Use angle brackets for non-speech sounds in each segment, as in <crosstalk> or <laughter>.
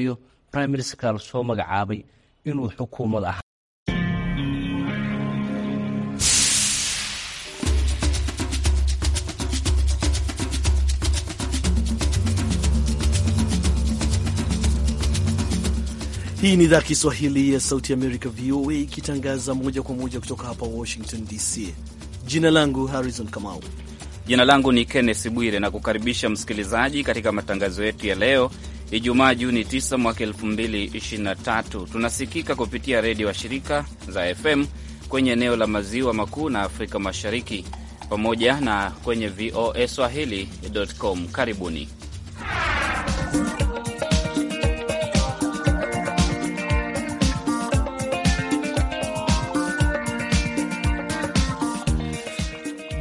iyo prime minister soo magacaabay inuu xukuumad ah Hii ni idhaa Kiswahili ya Sauti Amerika, VOA, ikitangaza moja kwa moja kutoka hapa Washington DC. Jina langu Harrison Kamau. Jina langu ni Kenneth Bwire, na kukaribisha msikilizaji katika matangazo yetu ya leo Ijumaa Juni 9 mwaka 2023. Tunasikika kupitia redio wa shirika za FM kwenye eneo la maziwa makuu na Afrika Mashariki pamoja na kwenye VOA Swahili.com. Karibuni.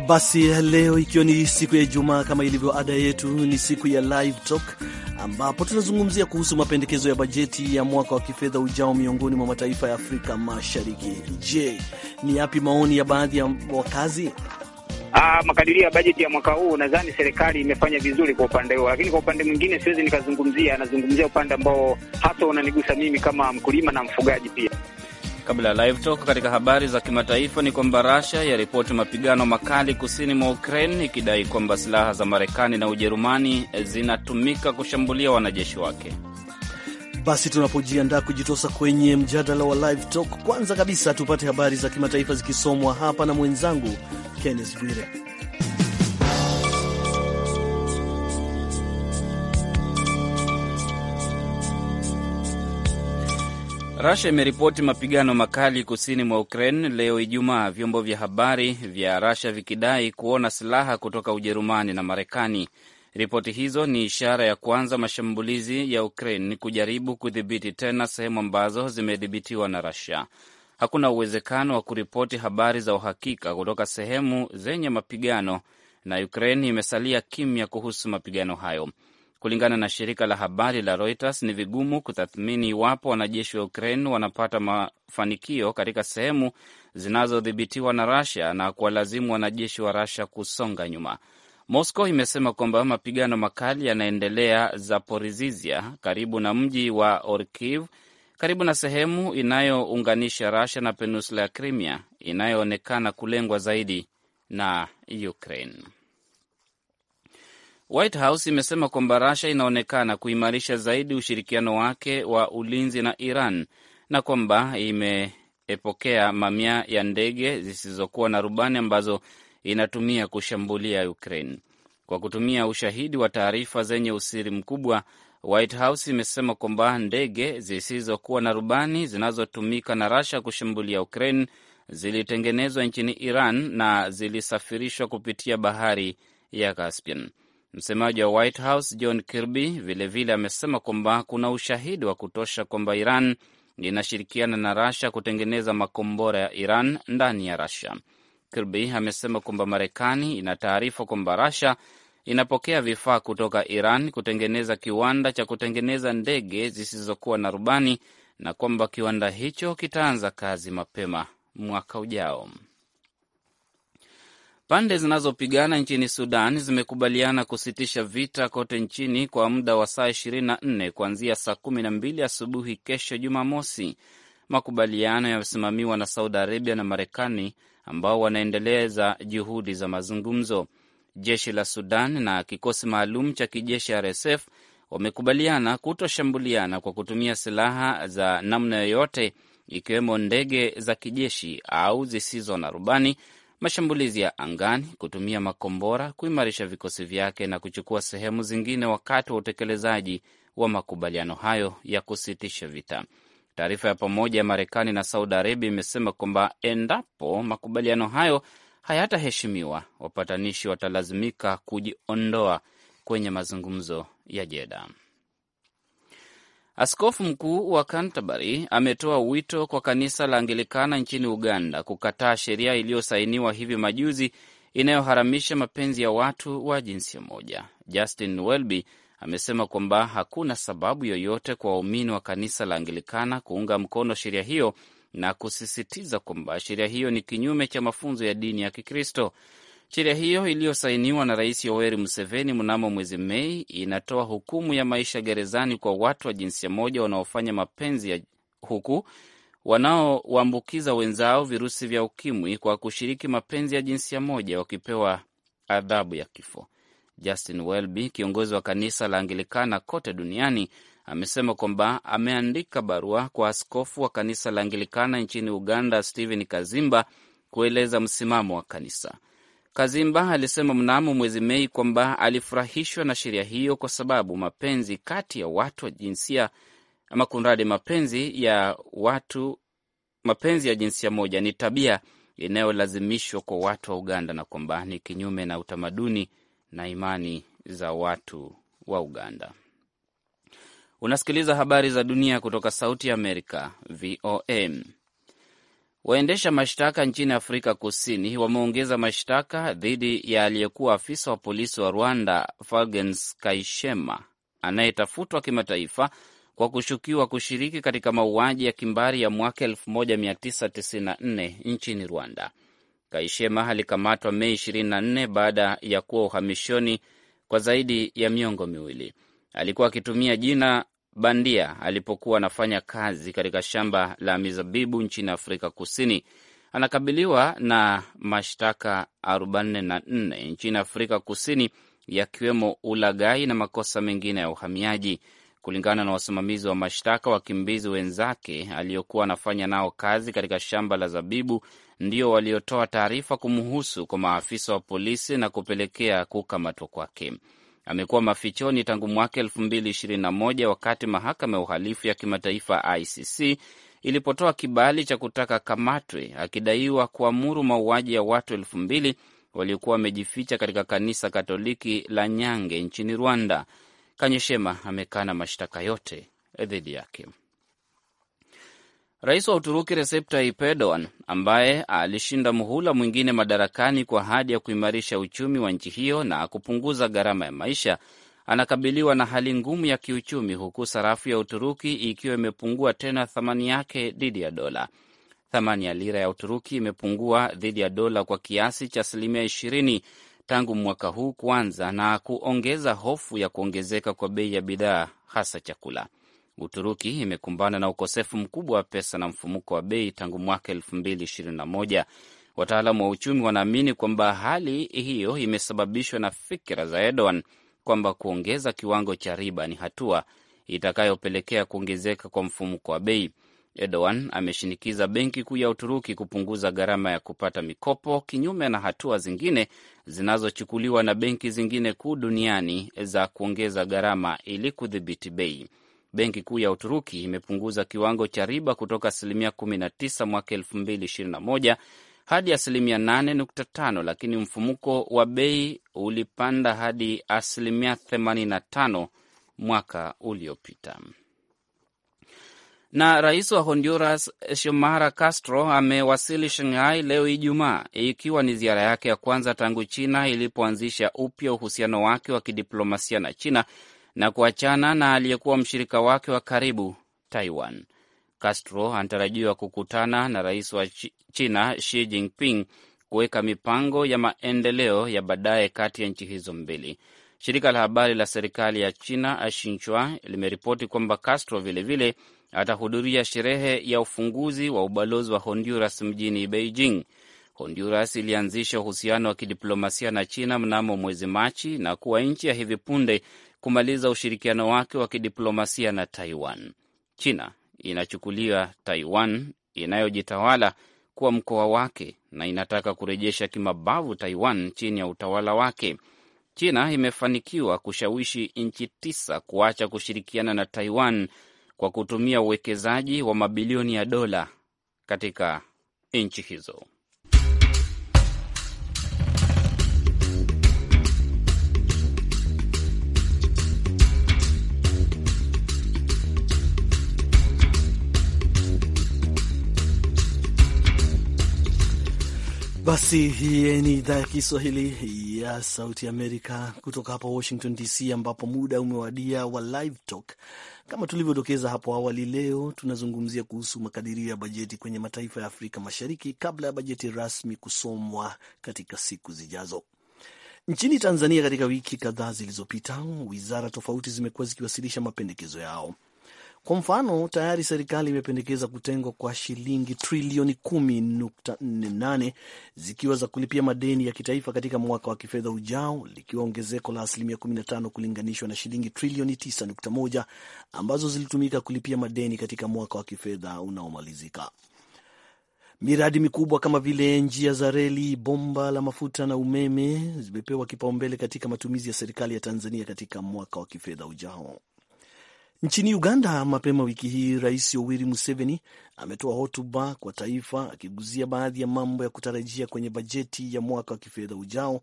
Basi leo ikiwa ni siku ya Ijumaa, kama ilivyo ada yetu, ni siku ya live talk ambapo tunazungumzia kuhusu mapendekezo ya bajeti ya mwaka wa kifedha ujao miongoni mwa mataifa ya Afrika Mashariki. Je, ni yapi maoni ya baadhi ya wakazi? Ah, makadirio ya bajeti ya mwaka huu nadhani serikali imefanya vizuri kwa upande huo, lakini kwa upande mwingine siwezi nikazungumzia, anazungumzia upande ambao hasa unanigusa mimi kama mkulima na mfugaji pia. Kabla ya live talk, katika habari za kimataifa ni kwamba Russia yaripoti mapigano makali kusini mwa Ukraine ikidai kwamba silaha za Marekani na Ujerumani zinatumika kushambulia wanajeshi wake. Basi tunapojiandaa kujitosa kwenye mjadala wa live talk, kwanza kabisa tupate habari za kimataifa zikisomwa hapa na mwenzangu Kenneth Bwire. Rusia imeripoti mapigano makali kusini mwa Ukraine leo Ijumaa, vyombo vya habari vya rasha vikidai kuona silaha kutoka Ujerumani na Marekani. Ripoti hizo ni ishara ya kuanza mashambulizi ya Ukraine kujaribu kudhibiti tena sehemu ambazo zimedhibitiwa na rasia Hakuna uwezekano wa kuripoti habari za uhakika kutoka sehemu zenye mapigano, na Ukraine imesalia kimya kuhusu mapigano hayo. Kulingana na shirika la habari la Reuters, ni vigumu kutathmini iwapo wanajeshi wa Ukraine wanapata mafanikio katika sehemu zinazodhibitiwa na rasia na kuwalazimu wanajeshi wa rasia kusonga nyuma. Moscow imesema kwamba mapigano makali yanaendelea Zaporizhzhia, karibu na mji wa Orkiv, karibu na sehemu inayounganisha rasia na peninsula ya Crimea inayoonekana kulengwa zaidi na Ukraine. White House imesema kwamba Russia inaonekana kuimarisha zaidi ushirikiano wake wa ulinzi na Iran na kwamba imepokea mamia ya ndege zisizokuwa na rubani ambazo inatumia kushambulia Ukraine. Kwa kutumia ushahidi wa taarifa zenye usiri mkubwa, White House imesema kwamba ndege zisizokuwa na rubani zinazotumika na Russia kushambulia Ukraine zilitengenezwa nchini Iran na zilisafirishwa kupitia bahari ya Caspian. Msemaji wa White House John Kirby vilevile amesema kwamba kuna ushahidi wa kutosha kwamba Iran inashirikiana na Rasha kutengeneza makombora ya Iran ndani ya Rasha. Kirby amesema kwamba Marekani ina taarifa kwamba Rasha inapokea vifaa kutoka Iran kutengeneza kiwanda cha kutengeneza ndege zisizokuwa na rubani na kwamba kiwanda hicho kitaanza kazi mapema mwaka ujao. Pande zinazopigana nchini Sudan zimekubaliana kusitisha vita kote nchini kwa muda wa saa 24 kuanzia saa 12 asubuhi kesho Jumamosi. Makubaliano yamesimamiwa na Saudi Arabia na Marekani ambao wanaendeleza juhudi za mazungumzo. Jeshi la Sudan na kikosi maalum cha kijeshi RSF wamekubaliana kutoshambuliana kwa kutumia silaha za namna yoyote, ikiwemo ndege za kijeshi au zisizo na rubani mashambulizi ya angani, kutumia makombora kuimarisha vikosi vyake na kuchukua sehemu zingine wakati wa utekelezaji wa makubaliano hayo ya kusitisha vita. Taarifa ya pamoja ya Marekani na Saudi Arabia imesema kwamba endapo makubaliano hayo hayataheshimiwa, wapatanishi watalazimika kujiondoa kwenye mazungumzo ya Jeda. Askofu mkuu wa Canterbury ametoa wito kwa kanisa la Anglikana nchini Uganda kukataa sheria iliyosainiwa hivi majuzi inayoharamisha mapenzi ya watu wa jinsia moja. Justin Welby amesema kwamba hakuna sababu yoyote kwa waumini wa kanisa la Anglikana kuunga mkono sheria hiyo na kusisitiza kwamba sheria hiyo ni kinyume cha mafunzo ya dini ya Kikristo. Sheria hiyo iliyosainiwa na Rais Yoweri Museveni mnamo mwezi Mei inatoa hukumu ya maisha gerezani kwa watu wa jinsia moja wanaofanya mapenzi ya huku wanaoambukiza wenzao virusi vya ukimwi kwa kushiriki mapenzi ya jinsia moja wakipewa adhabu ya kifo. Justin Welby, kiongozi wa kanisa la Anglikana kote duniani, amesema kwamba ameandika barua kwa askofu wa kanisa la Anglikana nchini Uganda, Stephen Kazimba, kueleza msimamo wa kanisa. Kazimba alisema mnamo mwezi Mei kwamba alifurahishwa na sheria hiyo kwa sababu mapenzi kati ya watu wa jinsia ama kunradi, mapenzi ya watu, mapenzi ya jinsia moja ni tabia inayolazimishwa kwa watu wa Uganda na kwamba ni kinyume na utamaduni na imani za watu wa Uganda. Unasikiliza habari za dunia kutoka Sauti ya Amerika, vom Waendesha mashtaka nchini Afrika Kusini wameongeza mashtaka dhidi ya aliyekuwa afisa wa polisi wa Rwanda fagens Kaishema anayetafutwa kimataifa kwa kushukiwa kushiriki katika mauaji ya kimbari ya mwaka 1994 nchini Rwanda. Kaishema alikamatwa Mei 24 baada ya kuwa uhamishoni kwa zaidi ya miongo miwili. Alikuwa akitumia jina bandia alipokuwa anafanya kazi katika shamba la mizabibu nchini Afrika Kusini. Anakabiliwa na mashtaka 44 nchini Afrika Kusini, yakiwemo ulagai na makosa mengine ya uhamiaji. Kulingana na wasimamizi wa mashtaka, wakimbizi wenzake aliyokuwa anafanya nao kazi katika shamba la zabibu ndio waliotoa taarifa kumhusu kwa maafisa wa polisi na kupelekea kukamatwa kwake amekuwa mafichoni tangu mwaka 2021 wakati mahakama ya uhalifu ya kimataifa ICC ilipotoa kibali cha kutaka kamatwe akidaiwa kuamuru mauaji ya watu elfu mbili waliokuwa wamejificha katika kanisa Katoliki la Nyange nchini Rwanda. Kanyeshema amekana mashtaka yote dhidi yake. Rais wa Uturuki Recep Tayyip Erdogan, ambaye alishinda muhula mwingine madarakani kwa ahadi ya kuimarisha uchumi wa nchi hiyo na kupunguza gharama ya maisha, anakabiliwa na hali ngumu ya kiuchumi, huku sarafu ya Uturuki ikiwa imepungua tena thamani yake dhidi ya dola. Thamani ya lira ya Uturuki imepungua dhidi ya dola kwa kiasi cha asilimia 20 tangu mwaka huu kuanza, na kuongeza hofu ya kuongezeka kwa bei ya bidhaa, hasa chakula. Uturuki imekumbana na ukosefu mkubwa wa pesa na mfumuko wa bei tangu mwaka 2021. Wataalamu wa uchumi wanaamini kwamba hali hiyo imesababishwa na fikira za Erdogan kwamba kuongeza kiwango cha riba ni hatua itakayopelekea kuongezeka kwa mfumuko wa bei. Erdogan ameshinikiza benki kuu ya Uturuki kupunguza gharama ya kupata mikopo, kinyume na hatua zingine zinazochukuliwa na benki zingine kuu duniani za kuongeza gharama ili kudhibiti bei. Benki Kuu ya Uturuki imepunguza kiwango cha riba kutoka asilimia 19 mwaka 2021 hadi asilimia 8.5, lakini mfumuko wa bei ulipanda hadi asilimia 85 mwaka uliopita. Na rais wa Honduras Xiomara Castro amewasili Shanghai leo Ijumaa, ikiwa ni ziara yake ya kwanza tangu China ilipoanzisha upya uhusiano wake wa kidiplomasia na China na kuachana na aliyekuwa mshirika wake wa karibu Taiwan. Castro anatarajiwa kukutana na rais wa China Xi Jinping kuweka mipango ya maendeleo ya baadaye kati ya nchi hizo mbili. Shirika la habari la serikali ya China Xinhua limeripoti kwamba Castro vilevile atahudhuria sherehe ya ufunguzi wa ubalozi wa Honduras mjini Beijing. Honduras ilianzisha uhusiano wa kidiplomasia na China mnamo mwezi Machi na kuwa nchi ya hivi punde kumaliza ushirikiano wake wa kidiplomasia na Taiwan. China inachukulia Taiwan inayojitawala kuwa mkoa wake na inataka kurejesha kimabavu Taiwan chini ya utawala wake. China imefanikiwa kushawishi nchi tisa kuacha kushirikiana na Taiwan kwa kutumia uwekezaji wa mabilioni ya dola katika nchi hizo. Basi hii ni idhaa ya Kiswahili ya Sauti Amerika kutoka hapa Washington DC, ambapo muda umewadia wa Live Talk. Kama tulivyodokeza hapo awali, leo tunazungumzia kuhusu makadirio ya bajeti kwenye mataifa ya Afrika Mashariki kabla ya bajeti rasmi kusomwa katika siku zijazo. Nchini Tanzania, katika wiki kadhaa zilizopita, wizara tofauti zimekuwa zikiwasilisha mapendekezo yao. Kwa mfano, tayari serikali imependekeza kutengwa kwa shilingi trilioni 10.48 zikiwa za kulipia madeni ya kitaifa katika mwaka wa kifedha ujao, likiwa ongezeko la asilimia 15 kulinganishwa na shilingi trilioni 9.1 ambazo zilitumika kulipia madeni katika mwaka wa kifedha unaomalizika. Miradi mikubwa kama vile njia za reli, bomba la mafuta na umeme zimepewa kipaumbele katika matumizi ya serikali ya Tanzania katika mwaka wa kifedha ujao. Nchini Uganda mapema wiki hii, Rais Yoweri Museveni ametoa hotuba kwa taifa akiguzia baadhi ya mambo ya kutarajia kwenye bajeti ya mwaka wa kifedha ujao,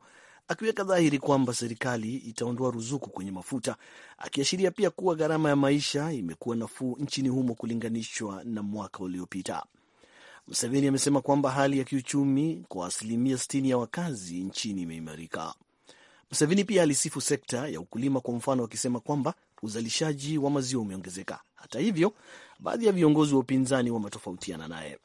akiweka dhahiri kwamba serikali itaondoa ruzuku kwenye mafuta, akiashiria pia kuwa gharama ya maisha imekuwa nafuu nchini humo kulinganishwa na mwaka uliopita. Museveni amesema kwamba hali ya kiuchumi kwa asilimia 60 ya wakazi nchini imeimarika. Museveni pia alisifu sekta ya ukulima kwa mfano, akisema kwamba uzalishaji wa maziwa umeongezeka. Hata hivyo, baadhi ya viongozi wa upinzani wametofautiana naye.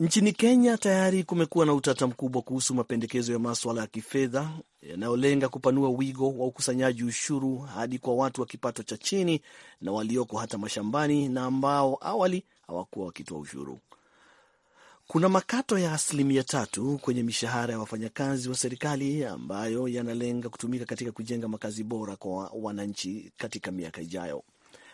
Nchini Kenya tayari kumekuwa na utata mkubwa kuhusu mapendekezo ya maswala ya kifedha yanayolenga kupanua wigo wa ukusanyaji ushuru hadi kwa watu wa kipato cha chini na walioko hata mashambani na ambao awali hawakuwa wakitoa ushuru. Kuna makato ya asilimia tatu kwenye mishahara ya wafanyakazi wa serikali ambayo yanalenga kutumika katika kujenga makazi bora kwa wananchi katika miaka ijayo.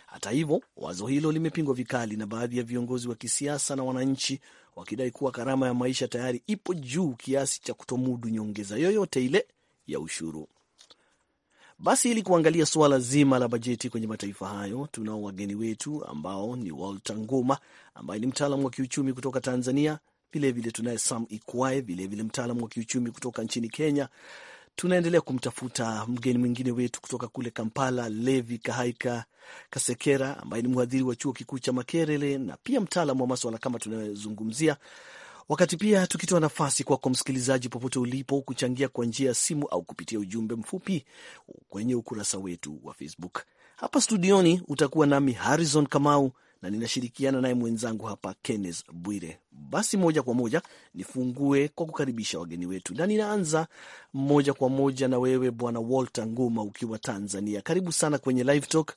Hata hivyo, wazo hilo limepingwa vikali na baadhi ya viongozi wa kisiasa na wananchi, wakidai kuwa gharama ya maisha tayari ipo juu kiasi cha kutomudu nyongeza yoyote ile ya ushuru. Basi ili kuangalia suala zima la bajeti kwenye mataifa hayo, tunao wageni wetu ambao ni Walter Nguma ambaye ni mtaalamu wa kiuchumi kutoka Tanzania. Vilevile tunaye Sam Ikwae, vilevile mtaalamu wa kiuchumi kutoka nchini Kenya. Tunaendelea kumtafuta mgeni mwingine wetu kutoka kule Kampala, Levi Kahaika Kasekera ambaye ni mhadhiri wa chuo kikuu cha Makerere na pia mtaalamu wa maswala kama tunayozungumzia wakati pia tukitoa nafasi kwako msikilizaji, popote ulipo, kuchangia kwa njia ya simu au kupitia ujumbe mfupi kwenye ukurasa wetu wa Facebook. Hapa studioni utakuwa nami Harrison Kamau na ninashirikiana naye mwenzangu hapa Kenneth Bwire. Basi moja kwa moja nifungue kwa kukaribisha wageni wetu, na ninaanza moja kwa moja na wewe Bwana Walter Nguma ukiwa Tanzania. Karibu sana kwenye Live Talk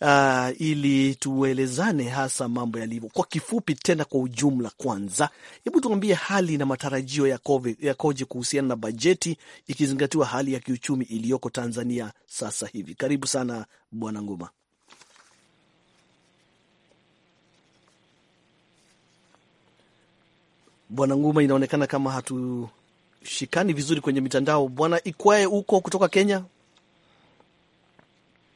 uh, ili tuelezane hasa mambo yalivyo kwa kifupi, tena kwa ujumla. Kwanza, hebu tuambie hali na matarajio yakoje ya kuhusiana na bajeti ikizingatiwa hali ya kiuchumi iliyoko Tanzania sasa hivi. Karibu sana Bwana Nguma. Bwana Nguma, inaonekana kama hatushikani vizuri kwenye mitandao. Bwana Ikwae, huko kutoka Kenya,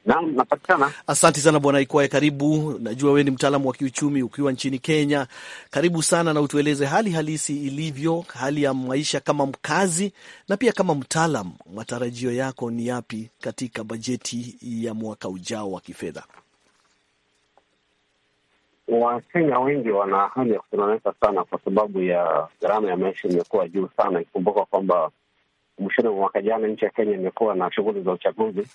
napatikana. Asante sana Bwana Ikwae, karibu. Najua wewe ni mtaalamu wa kiuchumi ukiwa nchini Kenya, karibu sana na utueleze hali halisi ilivyo, hali ya maisha kama mkazi na pia kama mtaalam. Matarajio yako ni yapi katika bajeti ya mwaka ujao wa kifedha? Wakenya wengi wana hali ya kutononeka sana kwa sababu ya gharama ya maisha imekuwa juu sana, ikikumbuka kwamba mwishoni mwa mwaka jana nchi ya Kenya imekuwa na shughuli za uchaguzi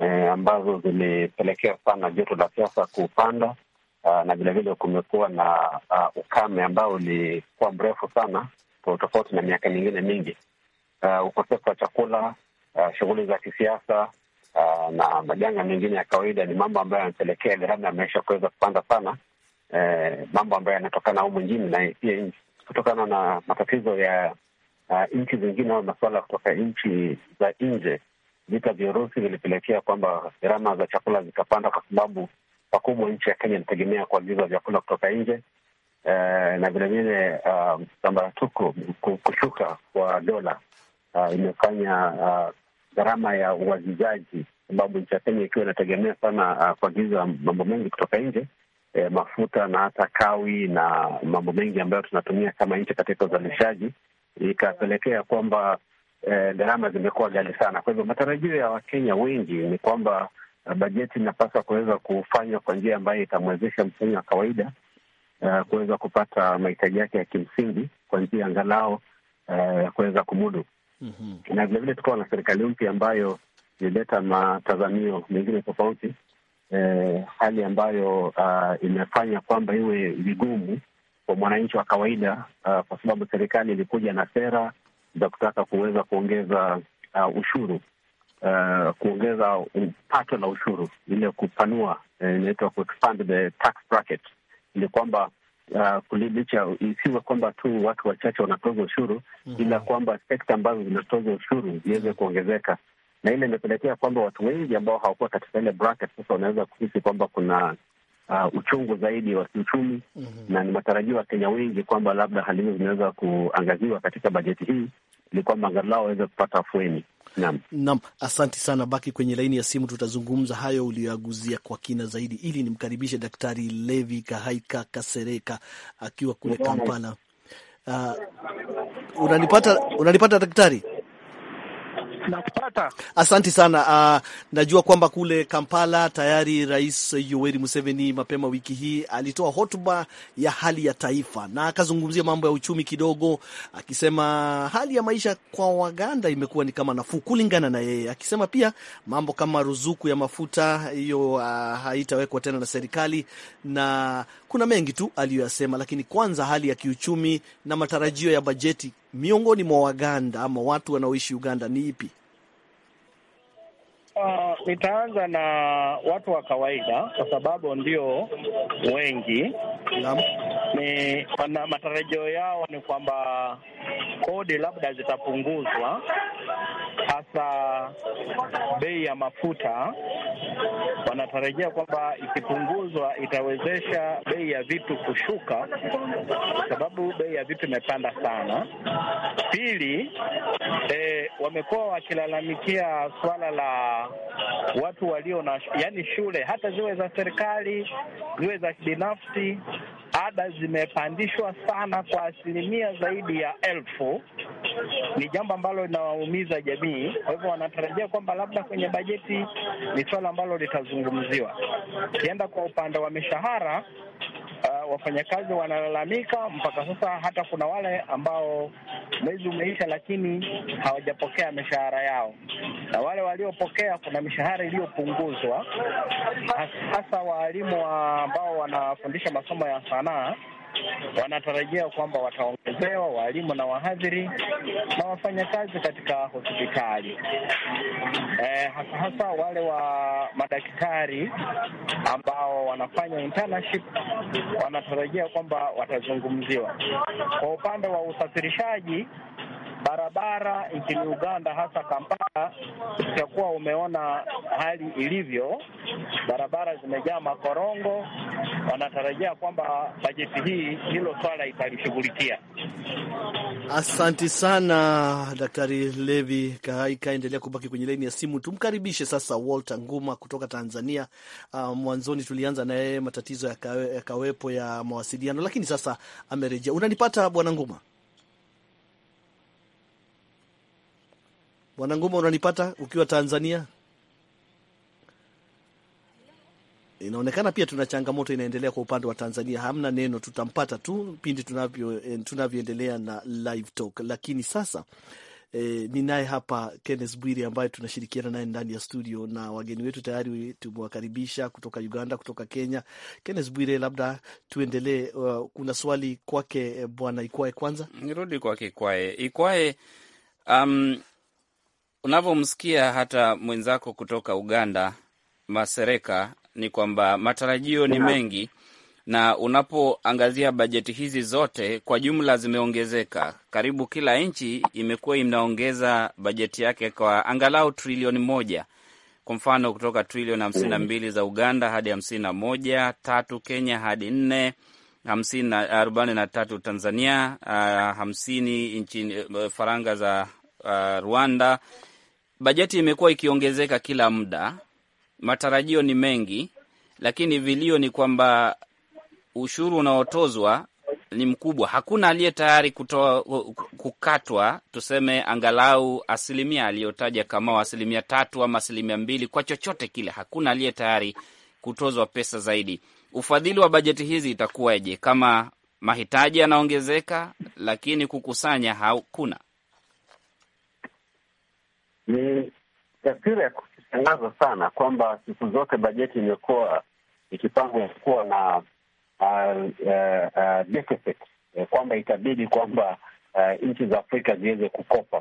eh, ambazo zimepelekea sana joto la siasa kupanda. Uh, na vilevile kumekuwa na uh, ukame ambao ulikuwa mrefu sana kwa tofauti na miaka mingine mingi. Uh, ukosefu wa chakula, uh, shughuli za kisiasa uh, na majanga mengine ya kawaida ni mambo ambayo yanapelekea gharama ya maisha kuweza kupanda sana, uh, mambo ambayo yanatokana humu nchini na pia kutokana na matatizo ya uh, nchi zingine au masuala kutoka nchi za nje vita vya Urusi vilipelekea kwamba gharama za chakula zikapanda, kwa sababu pakubwa nchi ya Kenya inategemea kuagiza vyakula kutoka nje e, na vilevile ah, sambaratuku uh, kushuka kwa dola uh, imefanya uh, gharama ya uagizaji, sababu nchi ya Kenya ikiwa inategemea sana uh, kuagiza mambo mengi kutoka nje E, mafuta na hata kawi na mambo mengi ambayo tunatumia kama nchi katika uzalishaji, ikapelekea kwamba eh, zimekuwa ghali sana. Kwa hivyo matarajio ya Wakenya wengi ni kwamba eh, bajeti inapaswa kuweza kufanywa kwa njia ambayo itamwezesha Mkenya wa kawaida uh, kuweza kupata mahitaji yake ya kimsingi kwa njia angalau eh, ya uh, kuweza kumudu mm -hmm. Na vilevile tukawa na serikali mpya ambayo ilileta matazamio mengine tofauti eh, hali ambayo uh, imefanya kwamba iwe vigumu kwa mwananchi wa kawaida uh, kwa sababu serikali ilikuja na sera za kutaka kuweza kuongeza uh, ushuru uh, kuongeza pato la ushuru, ile kupanua eh, inaitwa uh, kuexpand the tax bracket, ili kwamba uh, licha isiwe kwamba tu watu wachache wanatoza ushuru mm -hmm. ila kwamba sekta ambazo zinatoza ushuru ziweze kuongezeka na ile imepelekea kwamba watu wengi ambao hawakuwa katika ile bracket sasa wanaweza kuhisi kwamba kuna uh, uchungu zaidi wa kiuchumi mm -hmm. na ni matarajio ya Wakenya wengi kwamba labda hali hizo zinaweza kuangaziwa katika bajeti hii ili kwamba angalau waweze kupata afueni. Naam, naam, asanti sana. Baki kwenye laini ya simu, tutazungumza hayo uliyoaguzia kwa kina zaidi, ili nimkaribishe Daktari Levi Kahaika Kasereka akiwa kule Kampala. Uh, unanipata, unanipata daktari? Nakupata. Asanti sana. Uh, najua kwamba kule Kampala tayari Rais Yoweri Museveni mapema wiki hii alitoa hotuba ya hali ya taifa na akazungumzia mambo ya uchumi kidogo, akisema hali ya maisha kwa Waganda imekuwa ni kama nafuu kulingana na yeye, akisema pia mambo kama ruzuku ya mafuta hiyo, uh, haitawekwa tena na serikali na kuna mengi tu aliyoyasema, lakini kwanza hali ya kiuchumi na matarajio ya bajeti miongoni mwa Waganda ama watu wanaoishi Uganda ni ipi? Uh, nitaanza na watu wa kawaida kwa sababu ndio wengi na, ni na matarajio yao ni kwamba kodi labda zitapunguzwa, hasa bei ya mafuta. Wanatarajia kwamba ikipunguzwa itawezesha bei ya vitu kushuka, kwa sababu bei ya vitu imepanda sana. Pili, eh, wamekuwa wakilalamikia swala la watu walio na, yani shule hata ziwe za serikali ziwe za kibinafsi, ada zimepandishwa sana kwa asilimia zaidi ya elfu. Ni jambo ambalo linawaumiza jamii. Kwa hivyo wanatarajia kwamba labda kwenye bajeti ni swala ambalo litazungumziwa. Ukienda kwa upande wa mishahara wafanyakazi wanalalamika mpaka sasa. Hata kuna wale ambao mwezi umeisha, lakini hawajapokea mishahara yao, na wale waliopokea kuna mishahara iliyopunguzwa, hasa waalimu ambao wanafundisha masomo ya sanaa wanatarajia kwamba wataongezewa walimu na wahadhiri na wafanyakazi katika hospitali e, hasa hasa wale wa madaktari ambao wanafanya internship wanatarajia kwamba watazungumziwa. Kwa upande wa usafirishaji barabara nchini Uganda, hasa Kampala, utakuwa umeona hali ilivyo, barabara zimejaa makorongo. Wanatarajia kwamba bajeti hii hilo swala italishughulikia. Asanti sana Daktari Levi Kahaika, endelea kubaki kwenye laini ya simu. Tumkaribishe sasa Walter Nguma kutoka Tanzania. Uh, mwanzoni tulianza na yeye matatizo yakawepo ya, kawe, ya, ya mawasiliano, lakini sasa amerejea. Unanipata Bwana Nguma? Wanangoma, unanipata ukiwa Tanzania? Inaonekana pia tuna changamoto inaendelea kwa upande wa Tanzania, hamna neno, tutampata tu pindi eh, tunavyoendelea na live talk. Lakini sasa E, eh, ni naye hapa Kenneth Bwiri ambaye tunashirikiana naye ndani ya studio, na wageni wetu tayari tumewakaribisha kutoka Uganda, kutoka Kenya. Kenneth Bwiri, labda tuendelee. Uh, kuna swali kwake eh, bwana Ikwae. Kwanza nirudi kwake Ikwae. Ikwae, um, unavyomsikia hata mwenzako kutoka Uganda Masereka, ni kwamba matarajio ni mengi, na unapoangazia bajeti hizi zote kwa jumla zimeongezeka. Karibu kila nchi imekuwa inaongeza bajeti yake kwa angalau trilioni moja kwa mfano kutoka trilioni hamsini na mm. mbili za Uganda hadi hamsini na moja tatu Kenya hadi nne hamsini arobaini na tatu Tanzania ah, hamsini nchini eh, faranga za uh, Rwanda bajeti imekuwa ikiongezeka kila muda, matarajio ni mengi, lakini vilio ni kwamba ushuru unaotozwa ni mkubwa. Hakuna aliye tayari kutoa kukatwa, tuseme angalau asilimia aliyotaja kama asilimia tatu ama asilimia mbili, kwa chochote kile. Hakuna aliye tayari kutozwa pesa zaidi. Ufadhili wa bajeti hizi itakuwaje kama mahitaji yanaongezeka, lakini kukusanya hakuna? Ni taswira ya kushangaza sana kwamba siku zote bajeti imekuwa ikipangwa kuwa na uh, uh, uh, deficit, eh, kwamba itabidi kwamba uh, nchi za Afrika ziweze kukopa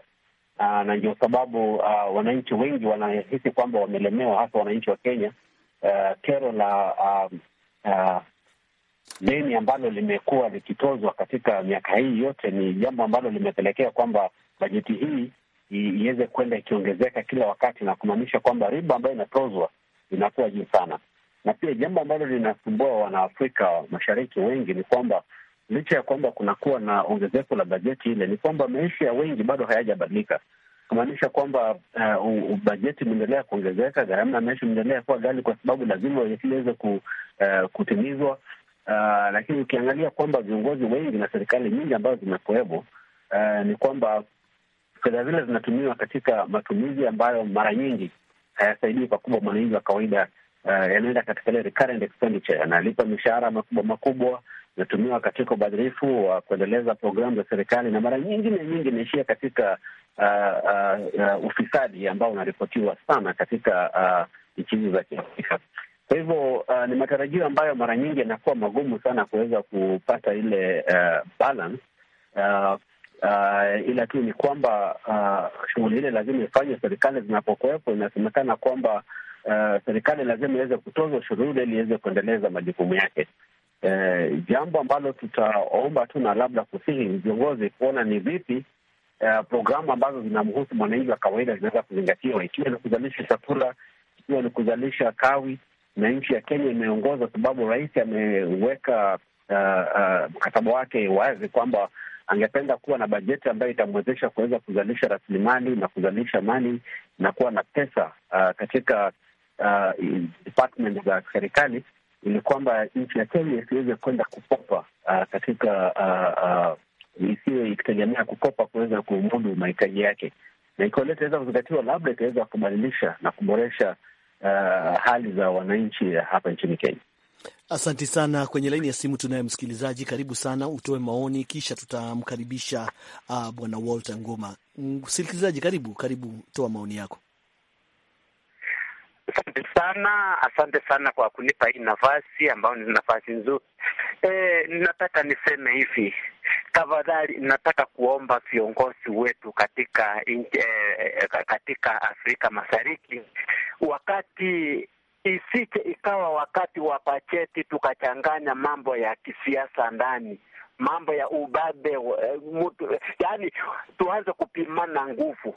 uh, na ndio sababu uh, wananchi wengi wanahisi kwamba wamelemewa, hasa wananchi wa Kenya uh, kero la um, uh, deni ambalo limekuwa likitozwa katika miaka hii yote ni jambo ambalo limepelekea kwamba bajeti hii iweze kwenda ikiongezeka kila wakati, na kumaanisha kwamba riba ambayo inatozwa inakuwa juu sana. Na pia jambo ambalo linasumbua wanaafrika mashariki wengi ni kwamba licha ya kwamba kunakuwa na ongezeko la bajeti ile, ni kwamba maisha ya wengi bado hayajabadilika, kumaanisha kwamba uh, bajeti imeendelea kuongezeka, gharama ya maisha imeendelea kuwa ghali, kwa sababu lazima iweze ku, uh, kutimizwa uh, lakini ukiangalia kwamba viongozi wengi na serikali nyingi ambazo zimekuwepo uh, ni kwamba fedha zile zinatumiwa katika matumizi ambayo mara nyingi hayasaidii pakubwa mwananchi wa kawaida. Uh, yanaenda katika ile recurrent expenditure, yanalipa mishahara makubwa makubwa, natumiwa katika ubadhirifu wa uh, kuendeleza programu za serikali, na mara nyingine nyingi inaishia katika uh, uh, uh, ufisadi ambao unaripotiwa sana katika nchi hizi za Kiafrika. Kwa hivyo uh, ni matarajio ambayo mara nyingi yanakuwa magumu sana kuweza kupata ile uh, balance uh, Uh, ila tu ni kwamba uh, shughuli ile lazima ifanywe serikali zinapokuwepo. Inasemekana kwamba uh, serikali lazima iweze kutoza ushuru ule ili iweze kuendeleza majukumu yake. Uh, jambo ambalo tutaomba tu na labda kusihi viongozi kuona ni vipi uh, programu ambazo zinamhusu mwananchi wa kawaida zinaweza kuzingatiwa, ikiwa ni kuzalisha chakula, ikiwa ni kuzalisha kawi. Na nchi ya Kenya imeongoza, sababu rais ameweka uh, uh, mkataba wake wazi kwamba angependa kuwa na bajeti ambayo itamwezesha kuweza kuzalisha rasilimali na kuzalisha mali na kuwa na pesa uh, katika uh, department za serikali ili kwamba nchi ya Kenya isiweze kwenda kukopa uh, katika uh, uh, isiwe ikitegemea kukopa kuweza kumudu mahitaji yake, na ikiwa itaweza kuzingatiwa, labda itaweza kubadilisha na kuboresha uh, hali za wananchi hapa nchini Kenya. Asante sana. Kwenye laini ya simu tunaye msikilizaji, karibu sana, utoe maoni kisha tutamkaribisha uh, bwana Walter Ngoma. Msikilizaji karibu, karibu, toa maoni yako. Asante sana, asante sana kwa kunipa hii nafasi ambayo ni nafasi nzuri. E, nataka niseme hivi tafadhali, nataka kuomba viongozi wetu katika e, e, katika Afrika Mashariki wakati isije ikawa wakati wa pacheti tukachanganya mambo ya kisiasa ndani, mambo ya ubabe eh, mutu, yani tuanze kupimana nguvu.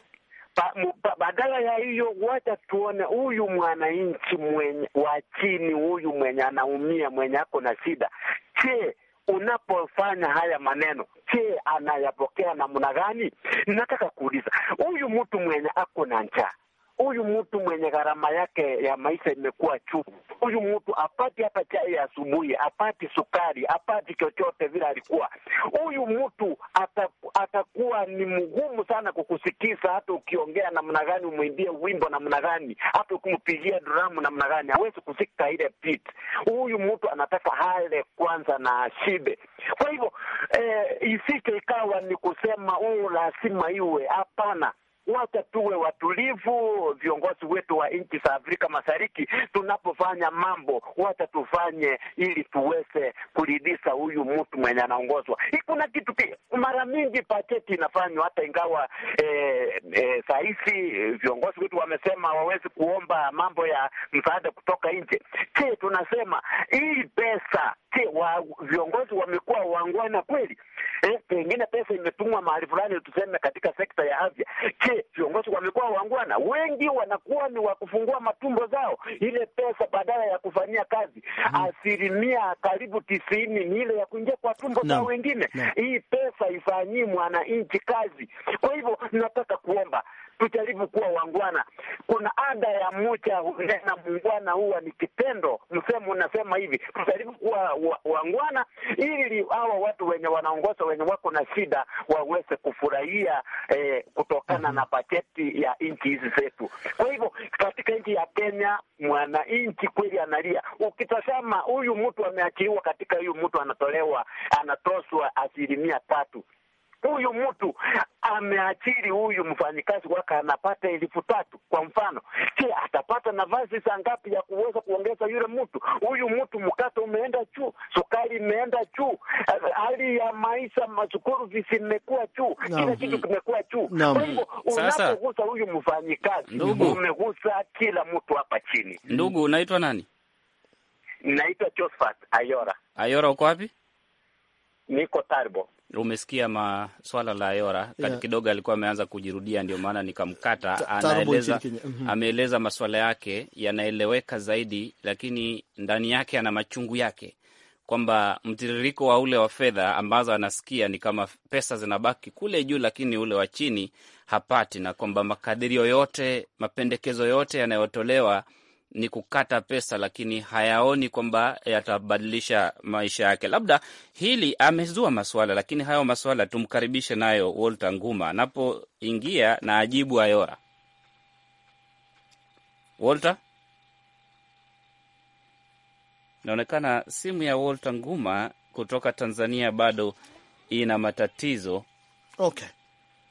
Badala ya hiyo, wacha tuone huyu mwananchi mwenye wa chini, huyu mwenye anaumia, mwenye ako na shida. che unapofanya haya maneno, che anayapokea namna gani? Nataka kuuliza huyu mtu mwenye ako na njaa huyu mtu mwenye gharama yake ya maisha imekuwa juu, huyu mtu apati hata chai ya asubuhi, apati sukari, apati chochote vile alikuwa. Huyu mtu atakuwa ni mgumu sana kukusikiza, hata ukiongea namna gani, umwimbie wimbo namna gani, hata ukimpigia dramu namna gani, hawezi kusika ile pit. Huyu mtu anataka hale kwanza na ashibe. Kwa hivyo eh, isicho ikawa ni kusema uu oh, lazima iwe. Hapana wacha tuwe watulivu, viongozi wetu wa nchi za Afrika Mashariki, tunapofanya mambo, wacha tufanye ili tuweze kuridhisha huyu mtu mwenye anaongozwa. Kuna kitu mara mingi paketi inafanywa hata ingawa eh, eh, saa eh, viongozi wetu wamesema wawezi kuomba mambo ya msaada kutoka nje. Je, tunasema hii pesa, je, wa, viongozi wamekuwa wangwana kweli? Eh, pengine pesa imetumwa mahali fulani, tuseme katika sekta ya afya. Je, Je, viongozi wamekuwa wangwana? Wengi wanakuwa ni wa kufungua matumbo zao, ile pesa badala ya kufanyia kazi. Mhm. Asilimia karibu tisini ni ile ya kuingia kwa tumbo no. zao wengine no. hii pesa ifanyii mwananchi kazi. Kwa hivyo nataka kuomba tujaribu kuwa wangwana. Kuna ada ya mucha hunena mungwana huwa ni kitendo, msemo unasema hivi, tujaribu kuwa wangwana ili hawa watu wenye wanaongoza wenye wako na shida waweze kufurahia eh, kutokana mhm. na na bajeti ya nchi hizi zetu. Kwa hivyo katika nchi ya Kenya mwananchi kweli analia. Ukitazama huyu mtu ameachiliwa katika, huyu mtu anatolewa, anatoswa asilimia tatu huyu mtu ameachiri huyu mfanyikazi wake anapata elfu tatu kwa mfano, je, atapata nafasi za ngapi ya kuweza kuongeza yule mtu? Huyu mtu mkate umeenda juu, sukari imeenda juu, hali ya maisha, masukuru visi juu, kila kitu kimekuwa juu. Kwa hivyo unapogusa huyu mfanyikazi umegusa kila mtu hapa chini. Ndugu, unaitwa nani? Naitwa Josephat Ayora. Ayora, uko wapi? Niko Tarbo. Umesikia maswala la yora yeah. Kidogo alikuwa ameanza kujirudia, ndio maana nikamkata. Anaeleza, mm-hmm. ameeleza maswala yake yanaeleweka zaidi, lakini ndani yake ana machungu yake kwamba mtiririko wa ule wa fedha ambazo anasikia ni kama pesa zinabaki kule juu, lakini ule wa chini hapati, na kwamba makadirio yote, mapendekezo yote yanayotolewa ni kukata pesa, lakini hayaoni kwamba yatabadilisha maisha yake. Labda hili amezua maswala, lakini hayo maswala tumkaribishe nayo Walter Nguma anapoingia na ajibu ayora. Walter, inaonekana simu ya Walter Nguma kutoka Tanzania bado ina matatizo. Okay,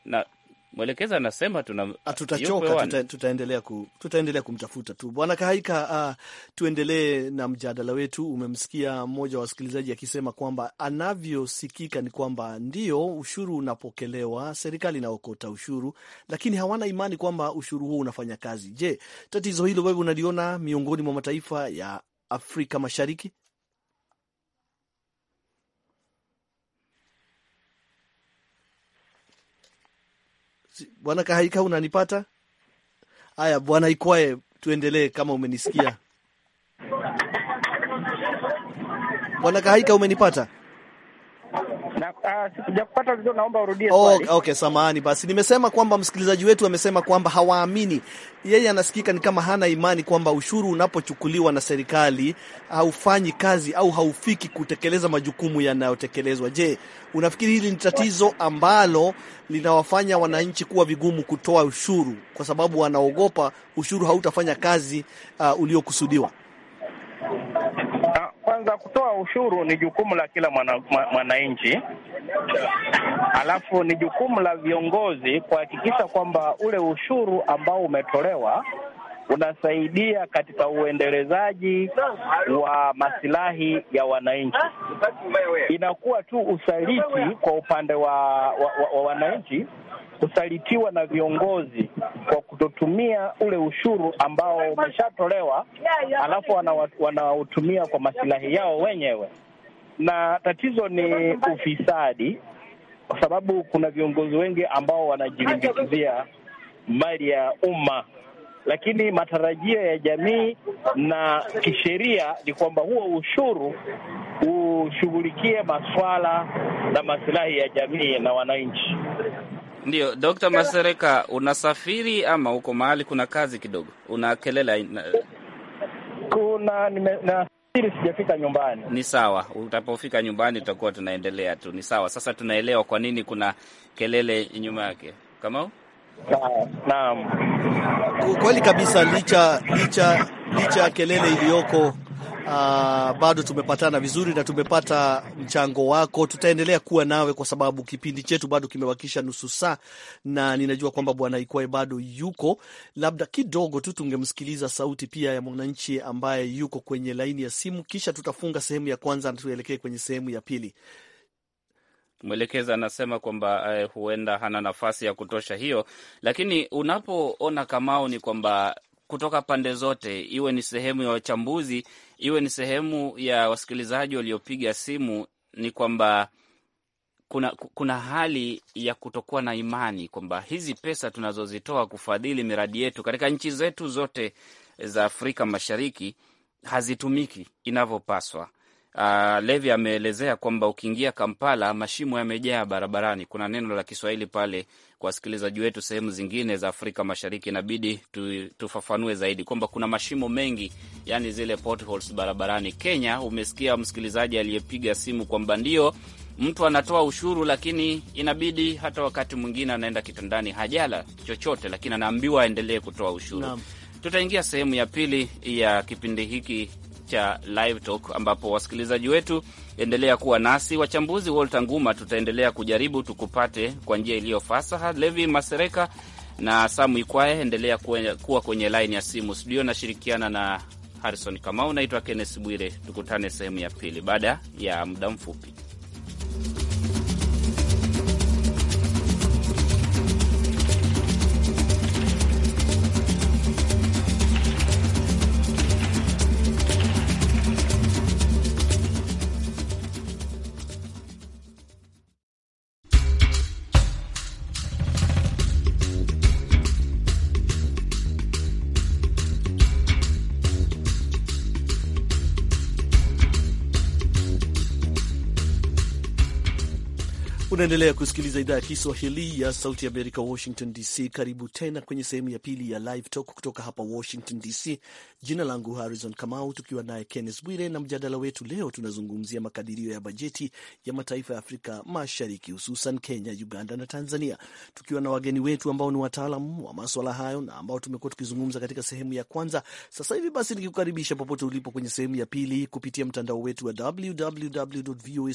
na Mwelekezi anasema tuna ah, tuta, ku, tuta kumtafuta tu bwana Kahaika. Uh, tuendelee na mjadala wetu. Umemsikia mmoja wa wasikilizaji akisema kwamba anavyosikika ni kwamba ndio ushuru unapokelewa, serikali inaokota ushuru, lakini hawana imani kwamba ushuru huo unafanya kazi. Je, tatizo hilo wewe unaliona miongoni mwa mataifa ya Afrika Mashariki? Bwana Kahaika, unanipata? Haya, Bwana Ikwae, tuendelee kama umenisikia. Bwana Kahaika, umenipata? Uh, naomba urudie Oh, okay, samahani. Basi nimesema kwamba msikilizaji wetu amesema kwamba hawaamini, yeye anasikika ni kama hana imani kwamba ushuru unapochukuliwa na serikali haufanyi kazi au haufiki kutekeleza majukumu yanayotekelezwa. Je, unafikiri hili ni tatizo ambalo linawafanya wananchi kuwa vigumu kutoa ushuru kwa sababu wanaogopa ushuru hautafanya kazi uh, uliokusudiwa? kwanza, kutoa ushuru ni jukumu la kila mwananchi mwana, alafu ni jukumu la viongozi kuhakikisha kwamba ule ushuru ambao umetolewa unasaidia katika uendelezaji wa masilahi ya wananchi. Inakuwa tu usaliti kwa upande wa, wa, wa, wa wananchi kusalitiwa na viongozi kwa kutotumia ule ushuru ambao umeshatolewa, alafu wana kwa masilahi yao wenyewe, na tatizo ni ufisadi, kwa sababu kuna viongozi wengi ambao wanajilimbikizia mali ya umma lakini matarajio ya jamii na kisheria ni kwamba huo ushuru ushughulikie maswala na masilahi ya jamii na wananchi. ndio d Masereka, unasafiri ama uko mahali kuna kazi kidogo, una kelele? Kuna nasafiri, sijafika nyumbani. Ni sawa, utapofika nyumbani tutakuwa tunaendelea tu. Ni sawa. Sasa tunaelewa kwa nini kuna kelele nyuma yake. Kamau Naam, kweli kabisa. Licha licha licha ya kelele iliyoko Uh, bado tumepatana vizuri na tumepata mchango wako. Tutaendelea kuwa nawe kwa sababu kipindi chetu bado kimebakisha nusu saa, na ninajua kwamba Bwana Ikwae bado yuko, labda kidogo tu tungemsikiliza sauti pia ya mwananchi ambaye yuko kwenye laini ya simu, kisha tutafunga sehemu ya kwanza na tuelekee kwenye sehemu ya pili. Mwelekezi anasema kwamba eh, huenda hana nafasi ya kutosha hiyo, lakini unapoona Kamau ni kwamba kutoka pande zote, iwe ni sehemu ya wachambuzi, iwe ni sehemu ya wasikilizaji waliopiga simu, ni kwamba kuna, kuna hali ya kutokuwa na imani kwamba hizi pesa tunazozitoa kufadhili miradi yetu katika nchi zetu zote za Afrika Mashariki hazitumiki inavyopaswa. Uh, Levi ameelezea kwamba ukiingia Kampala mashimo yamejaa barabarani. Kuna neno la Kiswahili pale kwa wasikilizaji wetu sehemu zingine za Afrika Mashariki, inabidi tu, tufafanue zaidi kwamba kuna mashimo mengi, yani zile potholes barabarani. Kenya, umesikia msikilizaji aliyepiga simu kwamba ndio mtu anatoa ushuru, lakini inabidi hata wakati mwingine anaenda kitandani hajala chochote, lakini anaambiwa aendelee kutoa ushuru. Naam. Tutaingia sehemu ya pili ya kipindi hiki cha Live Talk, ambapo wasikilizaji wetu endelea kuwa nasi. Wachambuzi Walter Nguma, tutaendelea kujaribu tukupate kwa njia iliyo fasaha. Levi Masereka na Samu Ikwae, endelea kuwa kwenye laini ya simu. Studio nashirikiana na Harrison Kamau. Naitwa kennes Bwire, tukutane sehemu ya pili baada ya muda mfupi. Unaendelea kusikiliza idhaa ya Kiswahili ya Sauti Amerika, Washington DC. Karibu tena kwenye sehemu ya pili ya Live Talk kutoka hapa Washington DC. Jina langu Harrison Kamau, tukiwa naye Kennes Bwire na mjadala wetu leo tunazungumzia makadirio ya bajeti ya mataifa ya Afrika Mashariki, hususan Kenya, Uganda na Tanzania, tukiwa na wageni wetu ambao ni wataalam wa maswala hayo na ambao tumekuwa tukizungumza katika sehemu ya kwanza. Sasa hivi basi nikikukaribisha popote ulipo kwenye sehemu ya pili kupitia mtandao wetu wa www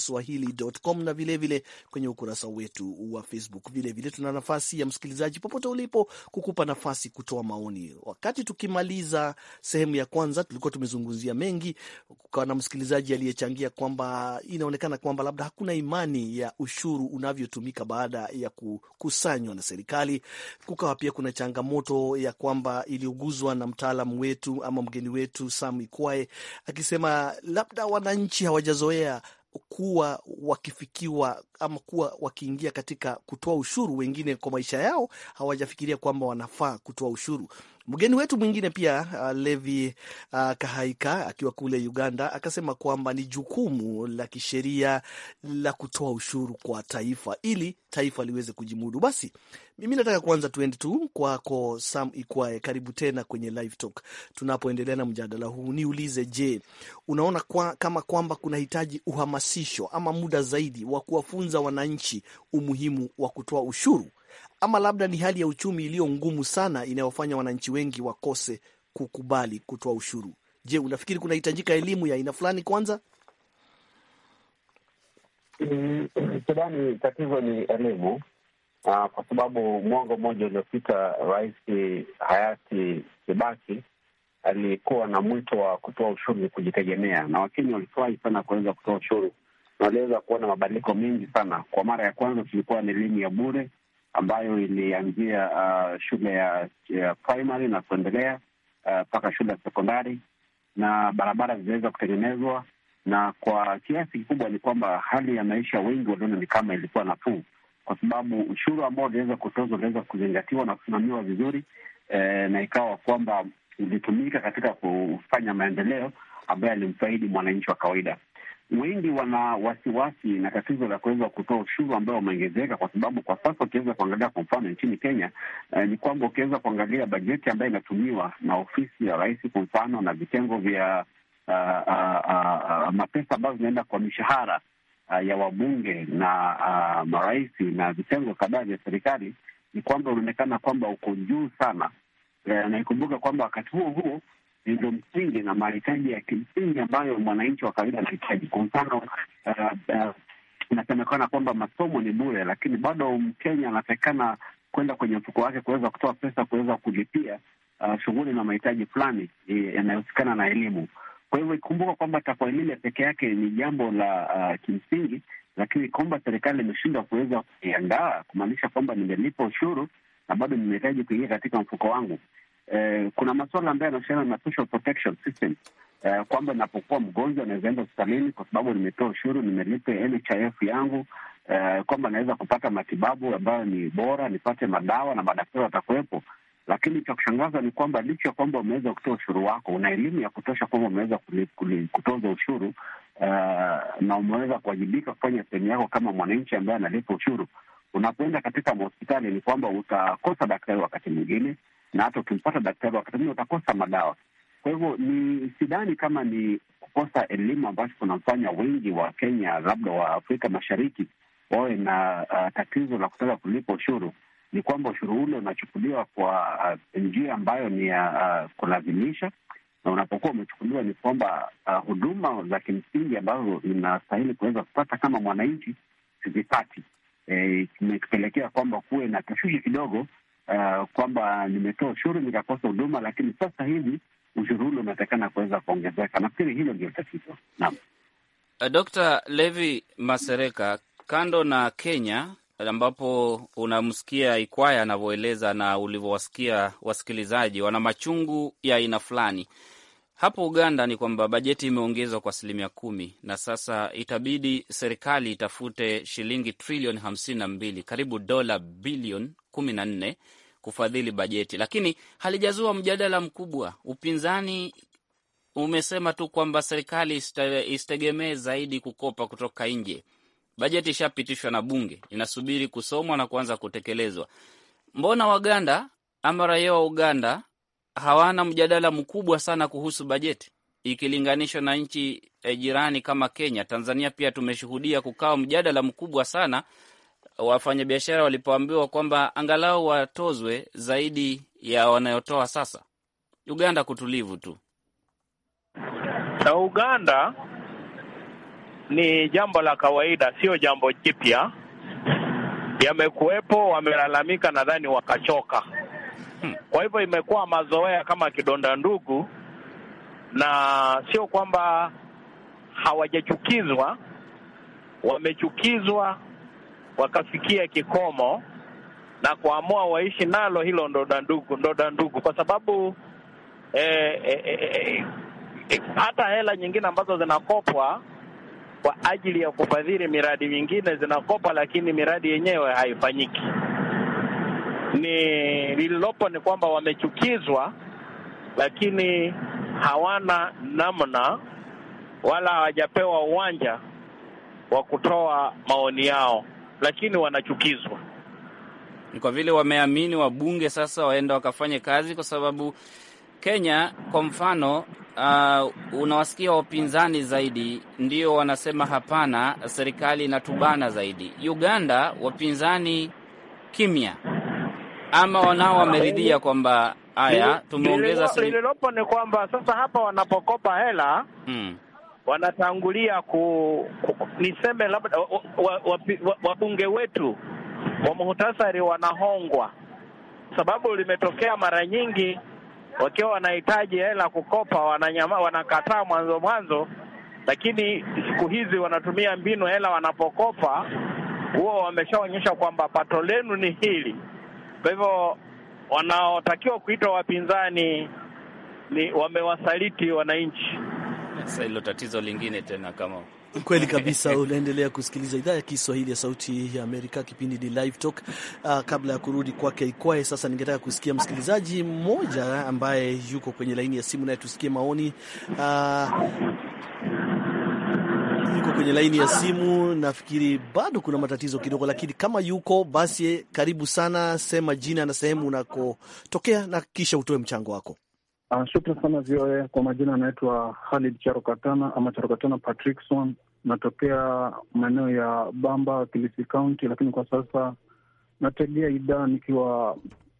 na vilevile kwenye ukurasa wetu wa Facebook. Vilevile tuna nafasi ya msikilizaji popote ulipo kukupa nafasi kutoa maoni. Wakati tukimaliza sehemu ya kwanza, tulikuwa tumezungumzia mengi, kukawa na msikilizaji aliyechangia kwamba inaonekana kwamba labda hakuna imani ya ushuru unavyotumika baada ya kukusanywa na serikali. Kukawa pia kuna changamoto ya kwamba iliuguzwa na mtaalamu wetu ama mgeni wetu Sam Ikwae akisema labda wananchi hawajazoea kuwa wakifikiwa ama kuwa wakiingia katika kutoa ushuru, wengine kwa maisha yao hawajafikiria kwamba wanafaa kutoa ushuru. Mgeni wetu mwingine pia uh, Levi uh, Kahaika akiwa kule Uganda akasema kwamba ni jukumu la kisheria la kutoa ushuru kwa taifa ili taifa liweze kujimudu. Basi mimi nataka kwanza tuende tu kwako Sam Ikwae, karibu tena kwenye Live Talk tunapoendelea na mjadala huu. Niulize, je, unaona kwa, kama kwamba kunahitaji uhamasisho ama muda zaidi wa kuwafunza wananchi umuhimu wa kutoa ushuru ama labda ni hali ya uchumi iliyo ngumu sana inayofanya wananchi wengi wakose kukubali kutoa ushuru. Je, unafikiri kunahitajika elimu ya aina fulani kwanza? Mm, sidhani tatizo ni elimu uh, kwa sababu mwongo mmoja uliopita Rais hayati Kibaki alikuwa na mwito wa kutoa ushuru kujitegemea, na Wakenya walifurahi sana kuweza kutoa ushuru na waliweza kuona mabadiliko mengi sana. Kwa mara ya kwanza tulikuwa na elimu ya bure ambayo ilianzia uh, shule ya, ya primary na kuendelea uh, mpaka uh, shule ya sekondari, na barabara ziliweza kutengenezwa, na kwa kiasi kikubwa ni kwamba hali ya maisha wengi waliona ni kama ilikuwa nafuu, kwa sababu ushuru ambao uliweza kutozwa uliweza kuzingatiwa na kusimamiwa vizuri eh, na ikawa kwamba ilitumika katika kufanya maendeleo ambayo alimfaidi mwananchi wa kawaida wengi wana wasiwasi na tatizo la kuweza kutoa ushuru ambao wameongezeka, kwa sababu kwa sasa ukiweza kuangalia kwa mfano nchini Kenya eh, ni kwamba ukiweza kuangalia bajeti ambayo inatumiwa na ofisi ya rais kwa mfano na vitengo vya uh, uh, uh, uh, mapesa ambayo zinaenda kwa mishahara uh, ya wabunge na uh, marais na vitengo kadhaa vya serikali, ni kwamba unaonekana kwamba uko juu sana eh, na ikumbuka kwamba wakati huo huo zilizo msingi na mahitaji ya kimsingi ambayo mwananchi wa kawaida anahitaji. Kwa mfano, uh, uh, inasemekana kwamba masomo ni bure, lakini bado Mkenya anatakikana kwenda kwenye mfuko wake kuweza kutoa pesa kuweza kulipia uh, shughuli na mahitaji fulani e, yanayohusikana na elimu. Kwa hivyo ikumbuka kwamba takwa lile peke yake ni jambo la uh, kimsingi, lakini kwamba serikali imeshindwa kuweza kuiandaa, kumaanisha kwamba nimelipa ushuru na bado nimehitaji kuingia katika mfuko wangu eh, kuna masuala ambayo yanahusiana na social protection system eh, kwamba inapokuwa mgonjwa anaweza enda hospitalini kwa sababu nimetoa ushuru, nimelipe NHIF yangu eh, kwamba anaweza kupata matibabu ambayo ni bora, nipate madawa na madaktari watakuwepo. Lakini cha kushangaza ni kwamba licha ya kwamba umeweza kutoa ushuru wako, una elimu ya kutosha kwamba umeweza kutoza ushuru uh, na umeweza kuwajibika kufanya sehemu yako kama mwananchi ambaye analipa ushuru. Unapoenda katika mahospitali, ni kwamba utakosa daktari wakati mwingine, na hata ukimpata daktari wakati mwingine utakosa madawa. Kwa hivyo ni sidhani kama ni kukosa elimu ambacho kunamfanya wengi wa Kenya, labda wa Afrika Mashariki, wawe na uh, tatizo la kutaka kulipa ushuru. Ni kwamba ushuru ule unachukuliwa kwa uh, njia ambayo ni ya uh, kulazimisha, na unapokuwa umechukuliwa ni kwamba uh, huduma za kimsingi ambazo inastahili kuweza kupata kama mwananchi sizipati, eh, imepelekea kwamba kuwe na tashwishi kidogo uh, kwamba nimetoa ushuru nikakosa huduma, lakini sasa hivi ushuru ule unatakana kuweza kuongezeka. Nafikiri hilo ndio tatizo. Naam, eh, Dr. Levi Masereka, kando na Kenya ambapo unamsikia Ikwaya anavyoeleza na ulivyowasikia wasikilizaji, wana machungu ya aina fulani. Hapo Uganda ni kwamba bajeti imeongezwa kwa asilimia kumi na sasa itabidi serikali itafute shilingi trilioni hamsini na mbili, karibu dola bilioni kumi na nne kufadhili bajeti, lakini halijazua mjadala mkubwa. Upinzani umesema tu kwamba serikali isitegemee zaidi kukopa kutoka nje. Bajeti ishapitishwa na bunge, inasubiri kusomwa na kuanza kutekelezwa. Mbona Waganda ama raia wa Uganda hawana mjadala mkubwa sana kuhusu bajeti ikilinganishwa na nchi eh, jirani kama Kenya? Tanzania pia tumeshuhudia kukawa mjadala mkubwa sana wafanyabiashara walipoambiwa kwamba angalau watozwe zaidi ya wanayotoa sasa? Uganda kutulivu tu na Uganda ni jambo la kawaida, sio jambo jipya. Yamekuwepo, wamelalamika, nadhani wakachoka. Hmm. Kwa hivyo imekuwa mazoea kama kidonda ndugu, na sio kwamba hawajachukizwa, wamechukizwa wakafikia kikomo na kuamua waishi nalo hilo ndoda ndugu, ndoda ndugu, kwa sababu eh, eh, eh, eh, hata hela nyingine ambazo zinakopwa kwa ajili ya kufadhili miradi mingine zinakopwa, lakini miradi yenyewe haifanyiki. Ni lililopo ni kwamba wamechukizwa, lakini hawana namna wala hawajapewa uwanja wa kutoa maoni yao lakini wanachukizwa ni kwa vile wameamini wabunge sasa waenda wakafanye kazi, kwa sababu Kenya kwa mfano uh, unawasikia wapinzani zaidi ndio wanasema hapana, serikali inatubana zaidi. Uganda wapinzani kimya, ama wanao wameridhia kwamba haya tumeongeza. Lililopo ni kwamba sasa hapa wanapokopa hela mm wanatangulia ku, ku niseme labda wabunge wa, wa, wa wetu wa muhtasari wanahongwa, sababu limetokea mara nyingi wakiwa wanahitaji hela kukopa wananyama, wanakataa mwanzo mwanzo, lakini siku hizi wanatumia mbinu hela wanapokopa huo wameshaonyesha kwamba pato lenu ni hili. Kwa hivyo wanaotakiwa kuitwa wapinzani ni wamewasaliti wananchi. <laughs> Sasa hilo tatizo lingine tena kama kweli kabisa. <laughs> Unaendelea kusikiliza idhaa ya Kiswahili ya Sauti ya Amerika, kipindi ni Live Talk. Uh, kabla ya kurudi kwake Ikwae, sasa ningetaka kusikia msikilizaji mmoja ambaye yuko kwenye laini ya simu, naye tusikie maoni uh, yuko kwenye laini ya simu. Nafikiri bado kuna matatizo kidogo, lakini kama yuko basi, karibu sana, sema jina na sehemu unakotokea na kisha utoe mchango wako. Uh, shukran sana VOA. Kwa majina anaitwa Halid Charokatana ama Charokatana Patrickson, natokea maeneo ya Bamba, Kilifi County, lakini kwa sasa nategea idhaa nikiwa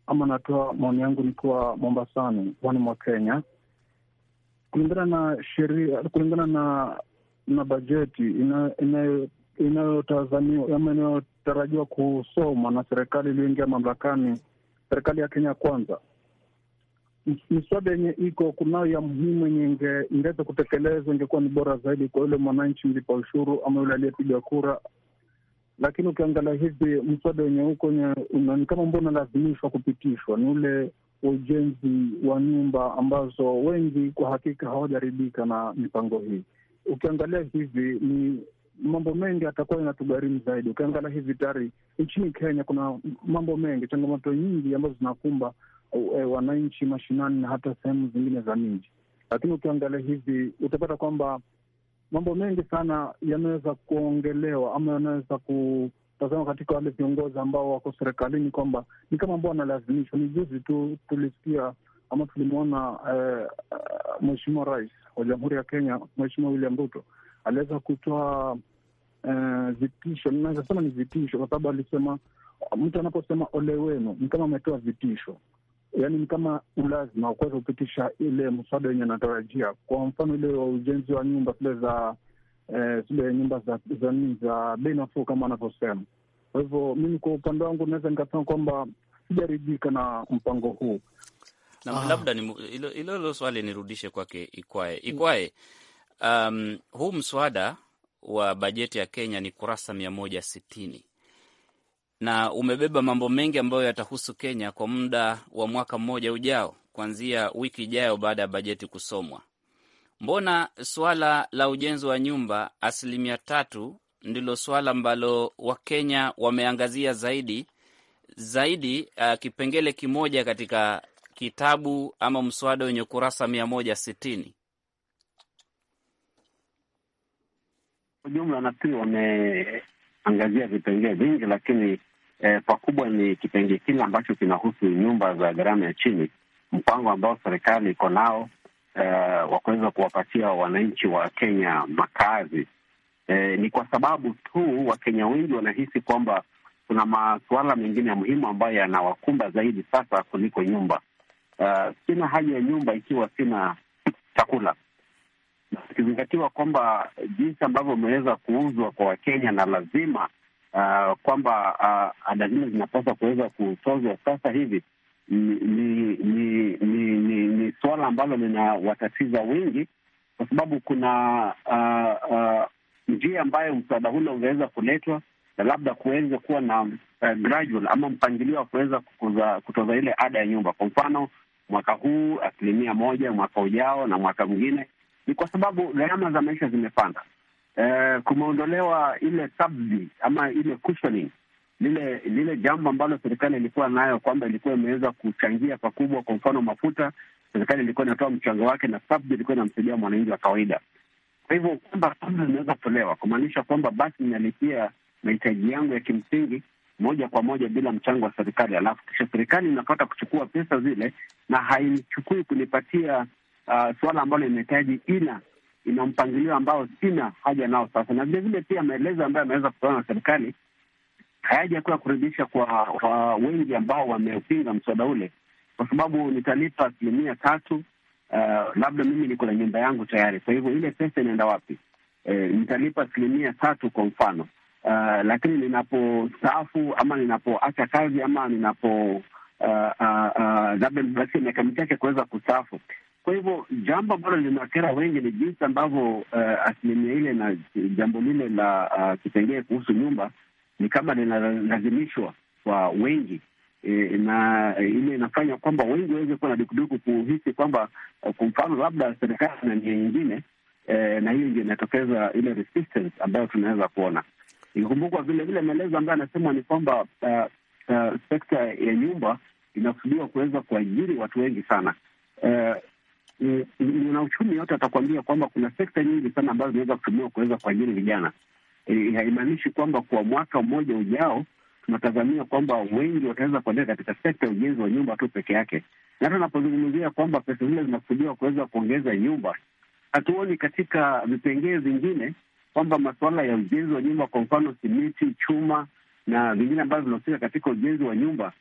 ama natoa maoni yangu nikiwa Mombasani, pwani mwa Kenya. Kulingana na sheria, kulingana na na bajeti inayotazamiwa ama inayotarajiwa kusomwa na serikali iliyoingia mamlakani, serikali ya Kenya Kwanza miswada yenye iko kunayo ya muhimu yenye ingeweza kutekelezwa, ingekuwa ni bora zaidi kwa yule mwananchi mlipa ushuru ama yule aliyepiga kura. Lakini ukiangalia hivi mswada wenye huko ni kama mbao unalazimishwa kupitishwa, ni ule ujenzi wa nyumba ambazo wengi kwa hakika hawajaridhika na mipango hii. Ukiangalia hivi ni mambo mengi atakuwa inatugharimu zaidi. Ukiangalia hivi tayari nchini Kenya kuna mambo mengi, changamoto nyingi ambazo zinakumba e, wananchi mashinani na hata sehemu zingine za miji. Lakini ukiangalia hivi utapata kwamba mambo mengi sana yanaweza kuongelewa ama yanaweza kutazama katika wale viongozi ambao wako serikalini kwamba ni kama ambao wanalazimishwa. Ni juzi tu tulisikia ama tulimwona eh, Mheshimiwa Rais wa Jamhuri ya Kenya Mheshimiwa William Ruto aliweza kutoa eh, vitisho. Naweza sema ni vitisho kwa sababu alisema mtu anaposema ole wenu ni kama ametoa vitisho yani ni kama ulazima kuweza kupitisha ile mswada wenye anatarajia. Kwa mfano ile wa ujenzi wa nyumba zile za eh, nyumba za za nini za bei nafuu kama anavyosema. Kwa hivyo mimi kwa upande wangu naweza nikasema kwamba sijaridhika na mpango huu na ah. Labda hilo hilo swali nirudishe kwake Ikwae. Ikwae, um, huu mswada wa bajeti ya Kenya ni kurasa mia moja sitini na umebeba mambo mengi ambayo yatahusu Kenya kwa muda wa mwaka mmoja ujao, kuanzia wiki ijayo baada ya bajeti kusomwa. Mbona suala la ujenzi wa nyumba asilimia tatu ndilo suala ambalo Wakenya wameangazia zaidi zaidi, uh, kipengele kimoja katika kitabu ama mswada wenye kurasa mia moja sitini kwa jumla. Nafikiri wameangazia vipengee vingi, lakini eh, pakubwa ni kipengee kile ambacho kinahusu nyumba za gharama ya chini, mpango ambao serikali iko nao eh, wa kuweza kuwapatia wananchi wa Kenya makazi. Eh, ni kwa sababu tu Wakenya wengi wanahisi kwamba kuna masuala mengine ya muhimu ambayo yanawakumba zaidi sasa kuliko nyumba. Uh, sina haja ya nyumba ikiwa sina chakula, ikizingatiwa kwamba jinsi ambavyo umeweza kuuzwa kwa Wakenya na lazima uh, kwamba uh, ada zile zinapaswa kuweza kutozwa sasa hivi ni ni ni, ni, ni, ni suala ambalo linawatatiza wengi, kwa sababu kuna uh, uh, njia ambayo msaada hule ungeweza kuletwa na labda kuweze kuwa na uh, gradual ama mpangilio wa kuweza kutoza ile ada ya nyumba. Kwa mfano mwaka huu asilimia moja, mwaka ujao na mwaka mwingine, ni kwa sababu gharama za maisha zimepanda eh, kumeondolewa ile subsidy ama ile cushioning, lile lile jambo ambalo serikali ilikuwa nayo kwamba ilikuwa imeweza kuchangia pakubwa. Kwa mfano mafuta, serikali ilikuwa inatoa mchango wake na subsidy ilikuwa inamsaidia mwananchi wa kawaida. Kwa hivyo kwamba subsidy inaweza kutolewa kumaanisha kwamba basi inalipia mahitaji yangu ya kimsingi moja kwa moja bila mchango wa serikali, alafu kisha serikali inapata kuchukua pesa zile na haichukui kunipatia uh, ah, suala ambalo inahitaji ila ina mpangilio ambao sina haja nao sasa, na vilevile pia maelezo ambayo ameweza kutoa na serikali kuwa kuridhisha kwa wengi ambao wameupinga mswada ule, kwa sababu nitalipa asilimia tatu. Uh, labda mimi niko na nyumba yangu tayari, kwa hivyo ile pesa inaenda wapi? E, nitalipa asilimia tatu kwa mfano uh, lakini ninapostaafu ama ninapoacha kazi ama ninapo uh, uh, uh, labda miaka michache kuweza kustaafu, kwa hivyo jambo ambalo linakera wengi ni jinsi ambavyo uh, asilimia ile na jambo lile la uh, ah, kipengee kuhusu nyumba ni kama linalazimishwa kwa wengi e, na ile inafanya kwamba wengi waweze kuwa na dukuduku kuhisi kwamba eh, kwa mfano labda serikali na nia nyingine e, na hiyo ndio inatokeza ile resistance ambayo tunaweza kuona. ikikumbukwa. vile vile maelezo ambayo anasema ni kwamba uh, uh, sekta ya nyumba inakusudiwa kuweza kuajiri watu wengi sana. Uh, mwanauchumi yote atakuambia kwamba kuna sekta nyingi sana ambazo zinaweza kutumiwa kuweza kuajiri vijana. E, haimaanishi kwamba kwa mwaka mmoja ujao tunatazamia kwamba wengi wataweza kuendea katika sekta ya ujenzi wa nyumba tu peke yake, na hata unapozungumzia kwamba pesa zile zinakusudiwa kuweza kuongeza nyumba, hatuoni katika vipengee vingine kwamba masuala ya ujenzi wa nyumba, kwa mfano simiti, chuma na vingine ambavyo vinahusika katika ujenzi wa nyumba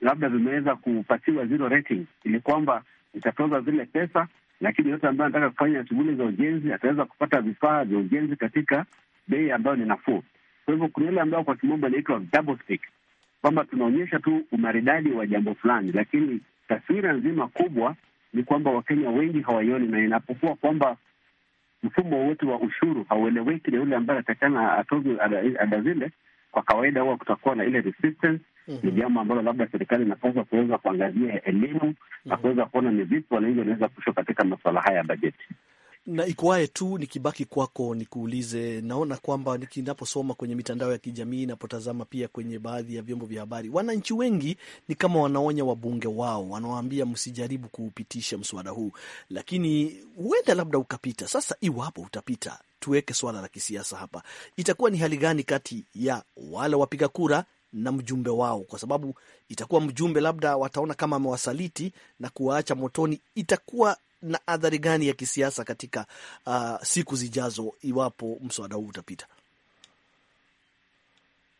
labda vimeweza kupatiwa zero rating, ili kwamba itatoza zile pesa, lakini yote ambayo anataka kufanya shughuli za ujenzi ataweza kupata vifaa vya ujenzi katika bei ambayo ni nafuu. Kwa hivyo kuna ile ambayo kwa kimombo inaitwa double kwamba tunaonyesha tu umaridadi wa jambo fulani, lakini taswira nzima kubwa ni kwamba Wakenya wengi hawaioni, na inapokuwa kwamba mfumo wote wa ushuru haueleweki na yule ambaye anatakana atoze ada zile, kwa kawaida huwa kutakuwa na ile resistance ni mhm. jambo ambalo labda serikali inapaswa kuweza kuangazia elimu mm -hmm. na mhm. kuweza kuona ni vipi wananchi wanaweza kushwa katika masuala haya ya bajeti na ikuwaye tu nikibaki kwako, nikuulize, naona kwamba ninaposoma kwenye mitandao ya kijamii, napotazama pia kwenye baadhi ya vyombo vya habari, wananchi wengi ni kama wanaonya wabunge wao, wanawaambia msijaribu kuupitisha mswada huu, lakini huenda labda ukapita. Sasa iwapo utapita, tuweke swala la kisiasa hapa, itakuwa ni hali gani kati ya wale wapiga kura na mjumbe wao, kwa sababu itakuwa mjumbe labda wataona kama amewasaliti na kuwaacha motoni. Itakuwa na athari gani ya kisiasa katika uh, siku zijazo iwapo mswada huu utapita?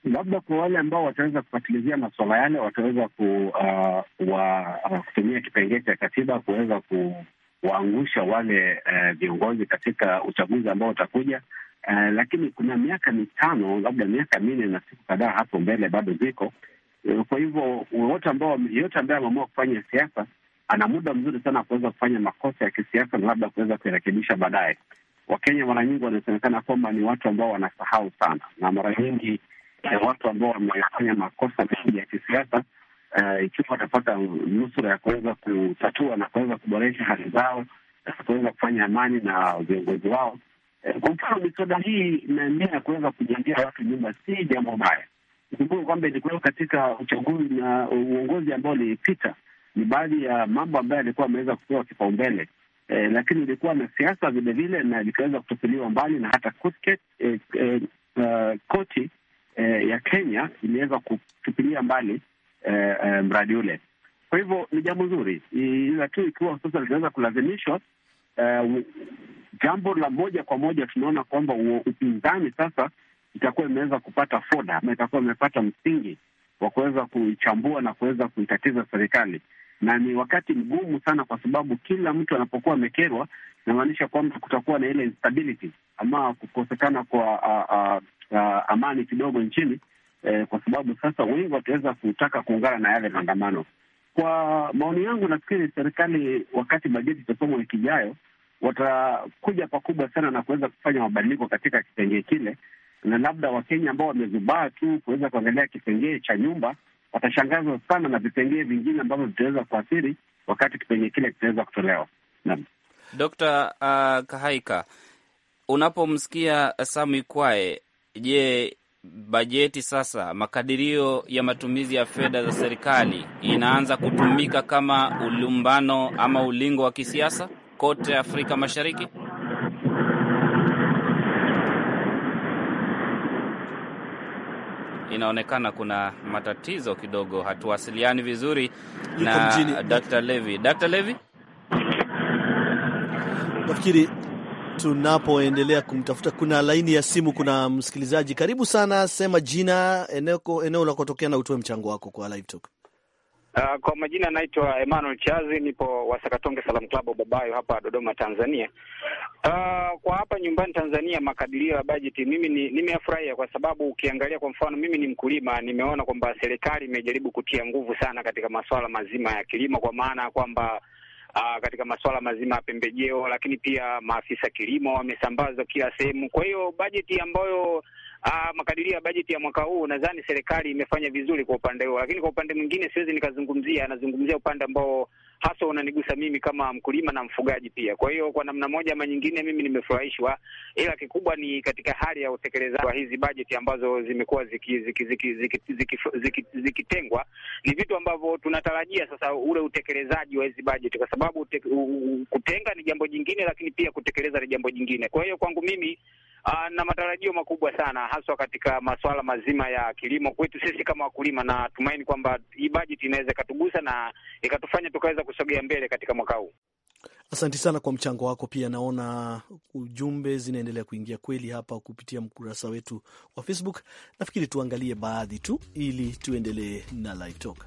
Labda kwa wale ambao wataweza kufatilizia maswala yale wataweza ku, uh, wa, uh, kutumia kipengee cha katiba kuweza kuwaangusha wale uh, viongozi uh, katika uchaguzi ambao utakuja Uh, lakini kuna miaka mitano labda miaka minne na siku kadhaa hapo mbele bado ziko. Uh, kwa hivyo wote ambao yeyote ambaye ameamua kufanya siasa ana muda mzuri sana kuweza kufanya makosa ya kisiasa na labda kuweza kuirekebisha baadaye. Wakenya mara nyingi wanasemekana kwamba ni watu ambao wanasahau sana, na mara nyingi eh, watu ambao wamefanya makosa mengi ya kisiasa eh, ikiwa watapata nusura ya kuweza kutatua na kuweza kuboresha hali zao na kuweza kufanya amani na viongozi wao Eh, kwa mfano, miswada hii na nia ya kuweza kujengea watu nyumba si jambo baya. Ukumbuke kwamba ilikuwa katika uchaguzi na uongozi ambao ulipita, ni baadhi ya mambo ambayo alikuwa ameweza kupewa kipaumbele eh, lakini ilikuwa na siasa vilevile na likaweza kutupiliwa mbali na hata kutke, eh, eh, uh, koti eh, ya Kenya iliweza kutupilia mbali eh, eh, mradi ule. Kwa hivyo ni jambo zuri, ila tu ikiwa sasa linaweza kulazimishwa uh, jambo la moja kwa moja tunaona kwamba upinzani sasa itakuwa imeweza kupata foda ama itakuwa imepata msingi wa kuweza kuichambua na kuweza kuitatiza serikali, na ni wakati mgumu sana, kwa sababu kila mtu anapokuwa amekerwa, inamaanisha kwamba kutakuwa na ile instability ama kukosekana kwa a, a, a, amani kidogo nchini eh, kwa sababu sasa wengi wataweza kutaka kuungana na yale maandamano. Kwa maoni yangu, nafikiri serikali wakati bajeti itasomwa wiki ijayo watakuja pakubwa sana na kuweza kufanya mabadiliko katika kipengee kile, na labda Wakenya ambao wamezubaa tu kuweza kuangalia kipengee cha nyumba watashangazwa sana na vipengee vingine ambavyo vitaweza kuathiri wakati kipengee kile kitaweza kutolewa. Naam, Dkt. uh, Kahaika, unapomsikia Sam Ikwae, je, bajeti sasa, makadirio ya matumizi ya fedha za serikali inaanza kutumika kama ulumbano ama ulingo wa kisiasa kote Afrika Mashariki? Inaonekana kuna matatizo kidogo, hatuwasiliani vizuri na Dr. Levy. Dr. Levi, nafikiri tunapoendelea kumtafuta. Kuna laini ya simu, kuna msikilizaji. Karibu sana, sema jina, eneo eneo unakotokea na utoe mchango wako kwa live talk. Uh, kwa majina naitwa Emmanuel Chazi, nipo Wasakatonge Salam Club Babayo hapa Dodoma, Tanzania. Uh, kwa hapa nyumbani Tanzania, makadirio ya bajeti mimi ni nimeyafurahia kwa sababu ukiangalia kwa mfano, mimi ni mkulima, nimeona kwamba serikali imejaribu kutia nguvu sana katika masuala mazima ya kilimo, kwa maana ya kwamba uh, katika masuala mazima ya pembejeo, lakini pia maafisa kilimo wamesambazwa kila sehemu. Kwa hiyo bajeti ambayo Ah, makadirio ya bajeti ya mwaka huu nadhani serikali imefanya vizuri kwa upande huo, lakini kwa upande mwingine siwezi nikazungumzia, anazungumzia upande ambao hasa unanigusa mimi kama mkulima na mfugaji pia. Kwa hiyo kwa namna moja ama nyingine, mimi nimefurahishwa, ila kikubwa ni katika hali ya utekelezaji wa hizi bajeti ambazo zimekuwa zikitengwa. Ni vitu ambavyo tunatarajia sasa ule utekelezaji wa hizi bajeti, kwa sababu kutenga ni jambo jingine, lakini pia kutekeleza ni jambo jingine. Kwa hiyo kwangu mimi Uh, na matarajio makubwa sana haswa katika masuala mazima ya kilimo kwetu sisi kama wakulima, na tumaini kwamba hii bajeti inaweza ikatugusa na ikatufanya tukaweza kusogea mbele katika mwaka huu. asanti sana kwa mchango wako. Pia naona ujumbe zinaendelea kuingia kweli hapa kupitia mkurasa wetu wa Facebook. Nafikiri tuangalie baadhi tu ili tuendelee na live talk.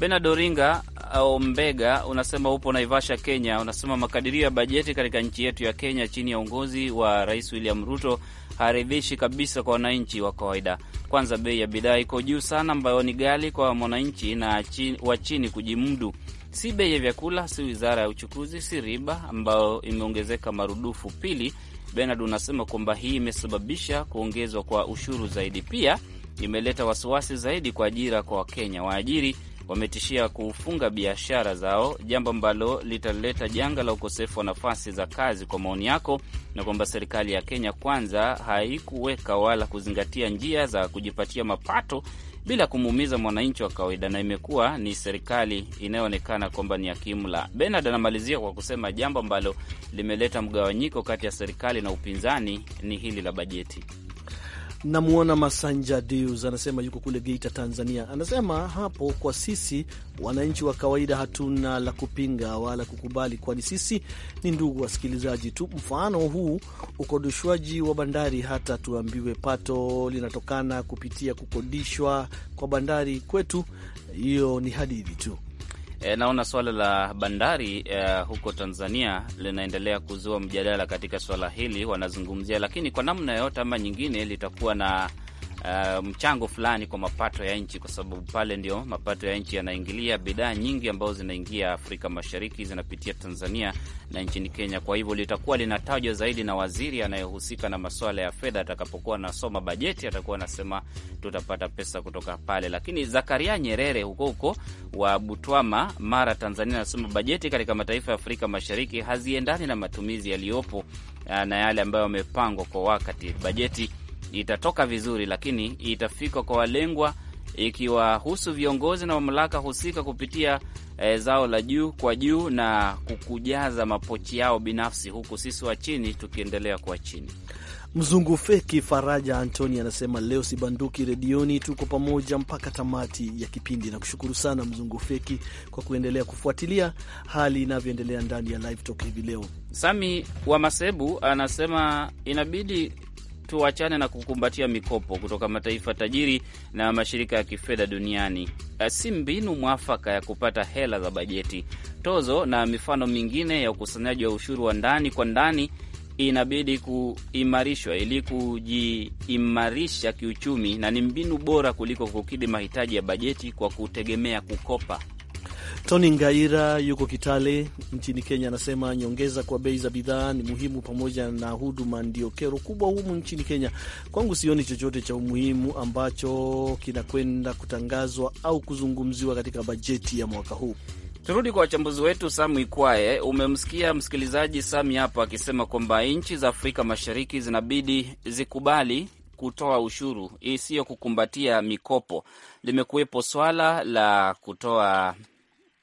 Benard Oringa Ombega unasema upo Naivasha, Kenya. Unasema makadirio ya bajeti katika nchi yetu ya Kenya chini ya uongozi wa Rais William Ruto haridhishi kabisa kwa wananchi wa kawaida. Kwanza, bei ya bidhaa iko juu sana, ambayo ni ghali kwa mwananchi na wa chini kujimudu. Si bei ya vyakula, si wizara ya uchukuzi, si riba ambayo imeongezeka marudufu. Pili, Benard unasema kwamba hii imesababisha kuongezwa kwa ushuru zaidi, pia imeleta wasiwasi zaidi kwa ajira kwa Wakenya. Waajiri wametishia kufunga biashara zao, jambo ambalo litaleta janga la ukosefu wa nafasi za kazi kwa maoni yako, na kwamba serikali ya Kenya kwanza haikuweka wala kuzingatia njia za kujipatia mapato bila kumuumiza mwananchi wa kawaida, na imekuwa ni serikali inayoonekana kwamba ni akimla kiimla. Benard anamalizia kwa kusema jambo ambalo limeleta mgawanyiko kati ya serikali na upinzani ni hili la bajeti. Namwona Masanja Deus anasema yuko kule Geita, Tanzania. Anasema hapo kwa sisi wananchi wa kawaida hatuna la kupinga wala kukubali, kwani sisi ni ndugu wasikilizaji tu. Mfano huu ukodishwaji wa bandari, hata tuambiwe pato linatokana kupitia kukodishwa kwa bandari kwetu, hiyo ni hadithi tu. E, naona swala la bandari e, huko Tanzania linaendelea kuzua mjadala katika swala hili wanazungumzia, lakini kwa namna yoyote ama nyingine litakuwa na uh, mchango fulani kwa mapato ya nchi, kwa sababu pale ndio mapato ya nchi yanaingilia. Bidhaa nyingi ambazo zinaingia Afrika Mashariki zinapitia Tanzania na nchini Kenya. Kwa hivyo litakuwa linatajwa zaidi na waziri anayehusika na masuala ya fedha. Atakapokuwa anasoma bajeti, atakuwa anasema tutapata pesa kutoka pale. Lakini Zakaria Nyerere huko huko wa Butwama, Mara, Tanzania, anasema bajeti katika mataifa ya Afrika Mashariki haziendani na matumizi yaliyopo uh, na yale ambayo yamepangwa kwa wakati. Bajeti itatoka vizuri, lakini itafika kwa walengwa, ikiwahusu viongozi na mamlaka husika kupitia e, zao la juu kwa juu na kukujaza mapochi yao binafsi, huku sisi wa chini tukiendelea kuwa chini. Mzungu feki Faraja Antoni anasema leo si banduki redioni, tuko pamoja mpaka tamati ya kipindi. Na kushukuru sana Mzungu feki kwa kuendelea kufuatilia hali inavyoendelea ndani ya Live Talk hivi leo. Sami wa Masebu anasema inabidi tuachane na kukumbatia mikopo kutoka mataifa tajiri na mashirika ya kifedha duniani. Eh, si mbinu mwafaka ya kupata hela za bajeti. Tozo na mifano mingine ya ukusanyaji wa ushuru wa ndani kwa ndani inabidi kuimarishwa ili kujiimarisha kiuchumi, na ni mbinu bora kuliko kukidhi mahitaji ya bajeti kwa kutegemea kukopa. Tony Ngaira yuko Kitale nchini Kenya, anasema nyongeza kwa bei za bidhaa ni muhimu, pamoja na huduma ndio kero kubwa humu nchini Kenya. Kwangu sioni chochote cha umuhimu ambacho kinakwenda kutangazwa au kuzungumziwa katika bajeti ya mwaka huu. Turudi kwa wachambuzi wetu. Sam Ikwaye, umemsikia msikilizaji Sami hapo akisema kwamba nchi za Afrika Mashariki zinabidi zikubali kutoa ushuru isiyo kukumbatia mikopo. Limekuwepo swala la kutoa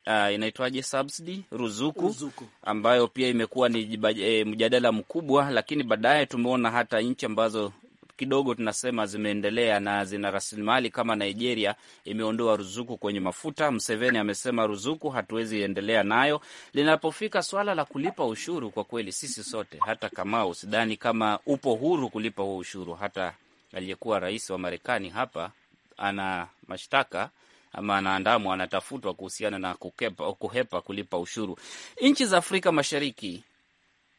uh, inaitwaje subsidy ruzuku, ruzuku ambayo pia imekuwa ni e, mjadala mkubwa, lakini baadaye tumeona hata nchi ambazo kidogo tunasema zimeendelea na zina rasilimali kama Nigeria imeondoa ruzuku kwenye mafuta. Mseveni amesema ruzuku hatuwezi endelea nayo. Linapofika swala la kulipa ushuru, kwa kweli sisi sote, hata kama usidhani kama upo huru kulipa huo ushuru. Hata aliyekuwa rais wa Marekani hapa ana mashtaka ama anaandamwa, anatafutwa kuhusiana na kukepa, kuhepa kulipa ushuru. Nchi za Afrika Mashariki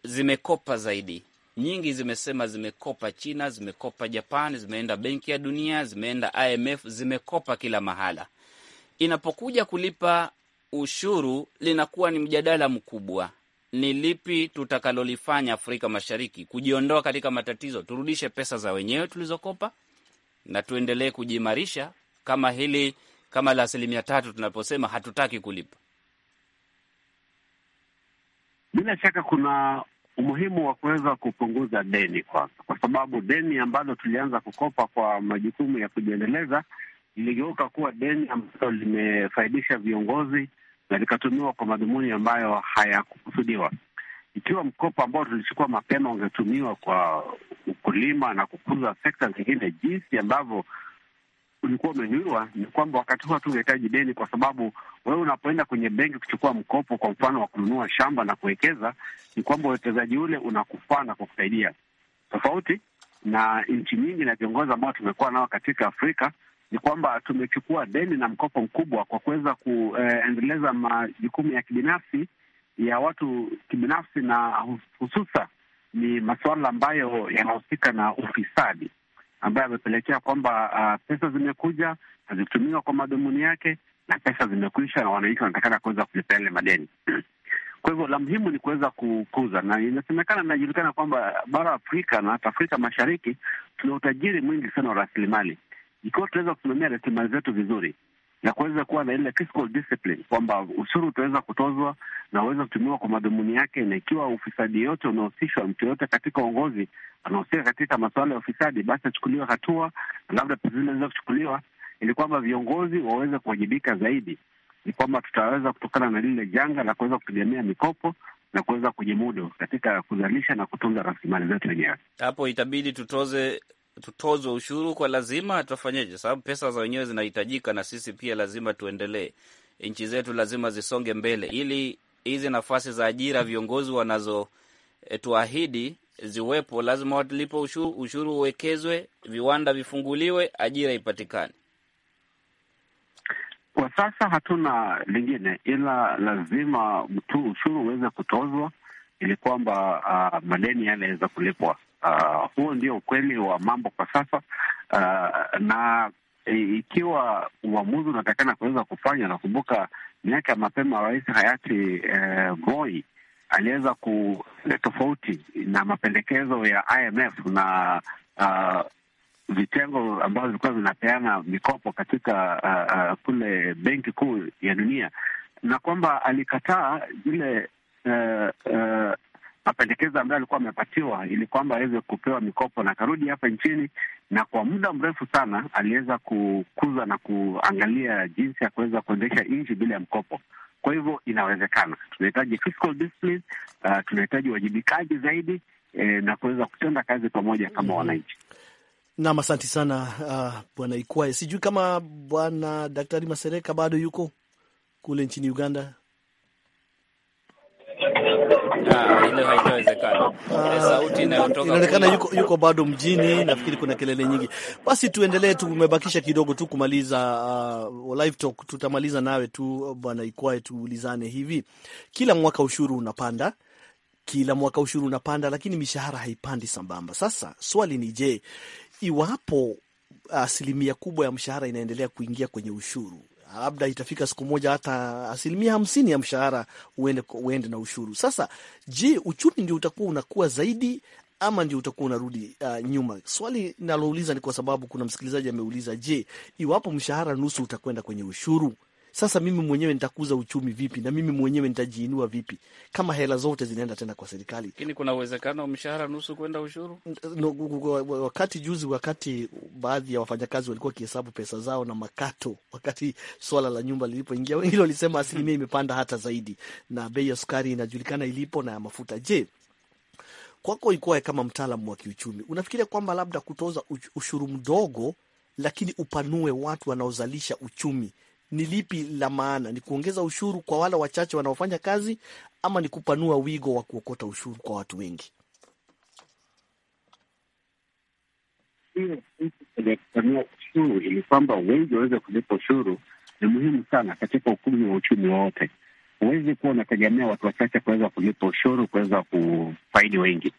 zimekopa zaidi nyingi zimesema zimekopa. China zimekopa, Japan zimeenda, Benki ya Dunia zimeenda, IMF zimekopa kila mahala. Inapokuja kulipa ushuru, linakuwa ni mjadala mkubwa, ni lipi tutakalolifanya Afrika Mashariki kujiondoa katika matatizo, turudishe pesa za wenyewe tulizokopa na tuendelee kujiimarisha kama hili kama la asilimia tatu tunaposema hatutaki kulipa? Bila shaka kuna umuhimu wa kuweza kupunguza deni kwanza, kwa sababu deni ambalo tulianza kukopa kwa majukumu ya kujiendeleza liligeuka kuwa deni ambalo limefaidisha viongozi na likatumiwa kwa madhumuni ambayo hayakukusudiwa. Ikiwa mkopo ambao tulichukua mapema ungetumiwa kwa ukulima na kukuza sekta zingine, jinsi ambavyo ulikuwa umenyurwa ni kwamba wakati huo hatungehitaji deni, kwa sababu wewe unapoenda kwenye benki kuchukua mkopo, kwa mfano wa kununua shamba na kuwekeza, ni kwamba uwekezaji ule unakufaa na kukusaidia, tofauti na nchi nyingi na viongozi ambao tumekuwa nao katika Afrika ni kwamba tumechukua deni na mkopo mkubwa kwa kuweza kuendeleza eh, majukumu ya kibinafsi ya watu kibinafsi, na hususa ni masuala ambayo yanahusika na ufisadi ambayo amepelekea kwamba uh, pesa zimekuja hazitumiwa kwa madhumuni yake na pesa zimekuisha na wananchi wanatakana kuweza kulipa yale madeni. <clears throat> Kwa hivyo la muhimu ni kuweza kukuza, na inasemekana inajulikana kwamba bara Afrika na hata Afrika Mashariki tuna utajiri mwingi sana wa rasilimali. Ikiwa tunaweza kusimamia rasilimali zetu vizuri, ya kuweza kuwa na ile fiscal discipline kwamba ushuru utaweza kutozwa na uweza kutumiwa kwa madhumuni yake, na ikiwa ufisadi yote unahusishwa, mtu yoyote katika uongozi anahusika katika masuala ya ufisadi, basi achukuliwe hatua, na labda zinaweza kuchukuliwa ili kwamba viongozi waweze kuwajibika zaidi. Ni kwamba tutaweza kutokana na lile janga la kuweza kutegemea mikopo na kuweza kujimudu katika kuzalisha na kutunza rasilimali zetu wenyewe. Hapo itabidi tutoze tutozwe ushuru kwa lazima, tutafanyeje? Sababu pesa za wenyewe zinahitajika, na sisi pia lazima tuendelee, nchi zetu lazima zisonge mbele, ili hizi nafasi za ajira viongozi wanazotuahidi eh, ziwepo, lazima watulipe ushuru, ushuru uwekezwe, viwanda vifunguliwe, ajira ipatikane. Kwa sasa hatuna lingine ila lazima mtu ushuru uweze kutozwa ili kwamba uh, madeni yanaweza kulipwa. Uh, huo ndio ukweli wa mambo kwa sasa. Uh, na ikiwa uamuzi unatakana kuweza kufanya, nakumbuka miaka ya mapema rais hayati eh, Moi aliweza ku eh, tofauti na mapendekezo ya IMF na uh, vitengo ambavyo vilikuwa vinapeana mikopo katika uh, uh, kule benki kuu ya dunia, na kwamba alikataa zile uh, eh, uh, eh, mapendekezo ambayo alikuwa amepatiwa ili kwamba aweze kupewa mikopo, na karudi hapa nchini, na kwa muda mrefu sana aliweza kukuza na kuangalia jinsi ya kuweza kuendesha nchi bila ya mkopo. Kwa hivyo inawezekana, tunahitaji fiscal discipline, uh, tunahitaji uwajibikaji zaidi eh, na kuweza kutenda kazi pamoja kama mm -hmm. wananchi. Nam, asante sana uh, bwana Ikwae. Sijui kama bwana Daktari Masereka bado yuko kule nchini Uganda. Ah, ah. inaonekana yuko, yuko bado mjini, nafikiri kuna kelele nyingi. Basi tuendelee, tumebakisha kidogo tu kumaliza uh, live talk. Tutamaliza nawe tu bwana Ikwae, tuulizane hivi, kila mwaka ushuru unapanda kila mwaka ushuru unapanda, lakini mishahara haipandi sambamba. Sasa swali ni je, iwapo asilimia kubwa ya mshahara inaendelea kuingia kwenye ushuru, labda itafika siku moja hata asilimia hamsini ya mshahara uende, uende na ushuru. Sasa je, uchumi ndio utakuwa unakuwa zaidi ama ndio utakuwa unarudi uh, nyuma? Swali nalouliza ni kwa sababu kuna msikilizaji ameuliza, je, iwapo mshahara nusu utakwenda kwenye ushuru sasa mimi mwenyewe nitakuza uchumi vipi, na mimi mwenyewe nitajiinua vipi kama hela zote zinaenda tena kwa serikali? Lakini kuna uwezekano mshahara nusu kwenda ushuru. Wakati juzi, wakati baadhi ya wafanyakazi walikuwa wakihesabu pesa zao na makato, wakati swala la nyumba lilipoingia, wengi <laughs> walisema asilimia imepanda hata zaidi, na bei ya sukari inajulikana ilipo na ya mafuta. Je, kwako ikuwa kama mtaalamu wa kiuchumi, unafikiria kwamba labda kutoza ushuru mdogo, lakini upanue watu wanaozalisha uchumi ni lipi la maana? Ni kuongeza ushuru kwa wale wachache wanaofanya kazi, ama ni kupanua wigo wa kuokota ushuru kwa watu wengi? ya kupanua ushuru ili kwamba wengi waweze kulipa ushuru ni muhimu sana katika ukumi wa uchumi wowote. Huwezi kuwa unategemea watu wachache kuweza kulipa ushuru kuweza kufaidi wengi.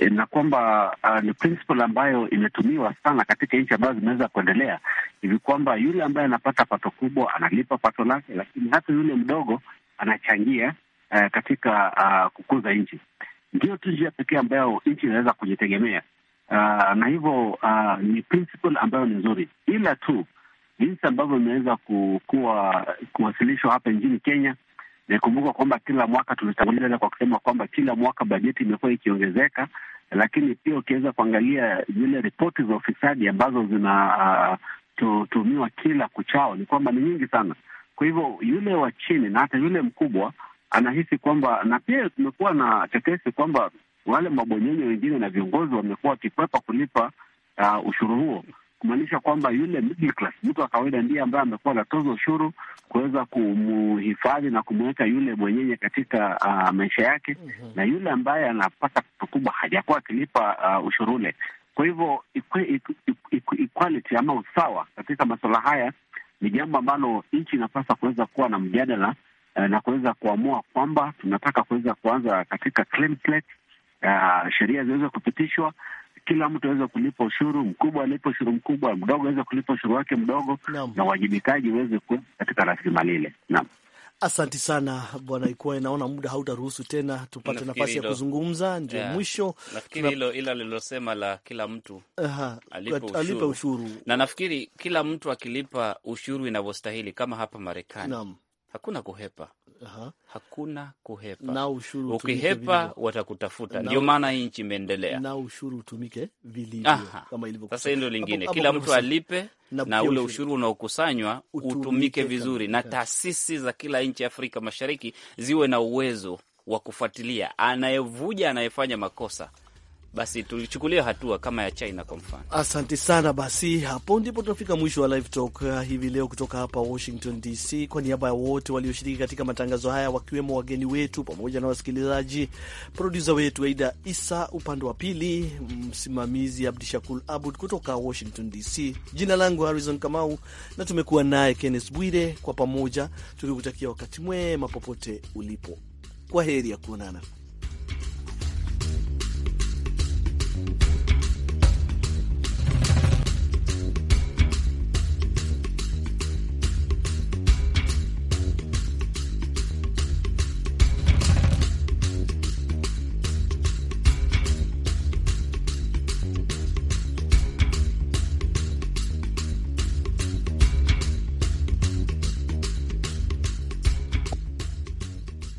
Eh, na kwamba uh, ni principle ambayo imetumiwa sana katika nchi ambazo zimeweza kuendelea hivi kwamba yule ambaye anapata pato kubwa analipa pato lake, lakini hata yule mdogo anachangia uh, katika uh, kukuza nchi. Ndiyo tu njia pekee ambayo nchi inaweza kujitegemea uh, na hivyo uh, ni principle ambayo ni nzuri, ila tu jinsi ambavyo imeweza kuwasilishwa hapa nchini Kenya Nikumbuka kwamba kila mwaka tulitanguliza kwa kusema kwamba kila mwaka bajeti imekuwa ikiongezeka, lakini pia ukiweza kuangalia zile ripoti za ufisadi ambazo zinatumiwa ah, uh, kila kuchao ni kwamba ni nyingi sana. Kwa hivyo yule wa chini na hata yule mkubwa anahisi kwamba, na pia tumekuwa na tetesi kwamba wale mabonyenye wengine na viongozi wamekuwa wakikwepa kulipa uh, ushuru huo kumaanisha kwamba yule middle class, mtu wa kawaida ndiye ambaye amekuwa anatoza ushuru kuweza kumuhifadhi na kumweka yule mwenyeye katika uh, maisha yake mm -hmm. na yule ambaye anapata pato kubwa hajakuwa akilipa uh, ushuru ule. Kwa hivyo equality ama usawa katika masuala haya ni jambo ambalo nchi inapasa kuweza kuwa na mjadala uh, na kuweza kuamua kwamba tunataka kuweza kuanza katika clean slate, uh, sheria ziweze kupitishwa kila mtu aweze kulipa ushuru, mkubwa alipe ushuru mkubwa, mdogo aweze kulipa ushuru wake mdogo, Naam. na uwajibikaji uweze ku katika rasilimali ile. Naam. Asanti sana bwana Ikwae, naona muda hautaruhusu tena tupate nafasi ya kuzungumza, ndio yeah. Mwisho nafikiri hilo Tuna... ila lilosema la kila mtu Aha, alipe ushuru, alipe ushuru, na nafikiri kila mtu akilipa ushuru inavyostahili kama hapa Marekani hakuna kuhepa Aha. Hakuna kuhepa na ushuru, ukihepa watakutafuta. Ndio maana hii nchi imeendelea, na ushuru utumike vilivyo kama Sasa ndio lingine, kila mtu alipe na, na ule ushuru unaokusanywa utumike vizuri na taasisi za kila nchi ya Afrika Mashariki ziwe na uwezo wa kufuatilia anayevuja, anayefanya makosa basi tulichukulia hatua kama ya China kwa mfano. Asante sana. Basi hapo ndipo tunafika mwisho wa Live Talk uh, hivi leo kutoka hapa Washington DC. Kwa niaba ya wote walioshiriki katika matangazo haya, wakiwemo wageni wetu pamoja na wasikilizaji, produsa wetu Aida Isa upande wa pili, msimamizi Abdishakur Abud kutoka Washington DC. Jina langu Harrison Kamau na tumekuwa naye Kenneth Bwire, kwa pamoja tukikutakia wakati mwema popote ulipo. Kwa heri ya kuonana.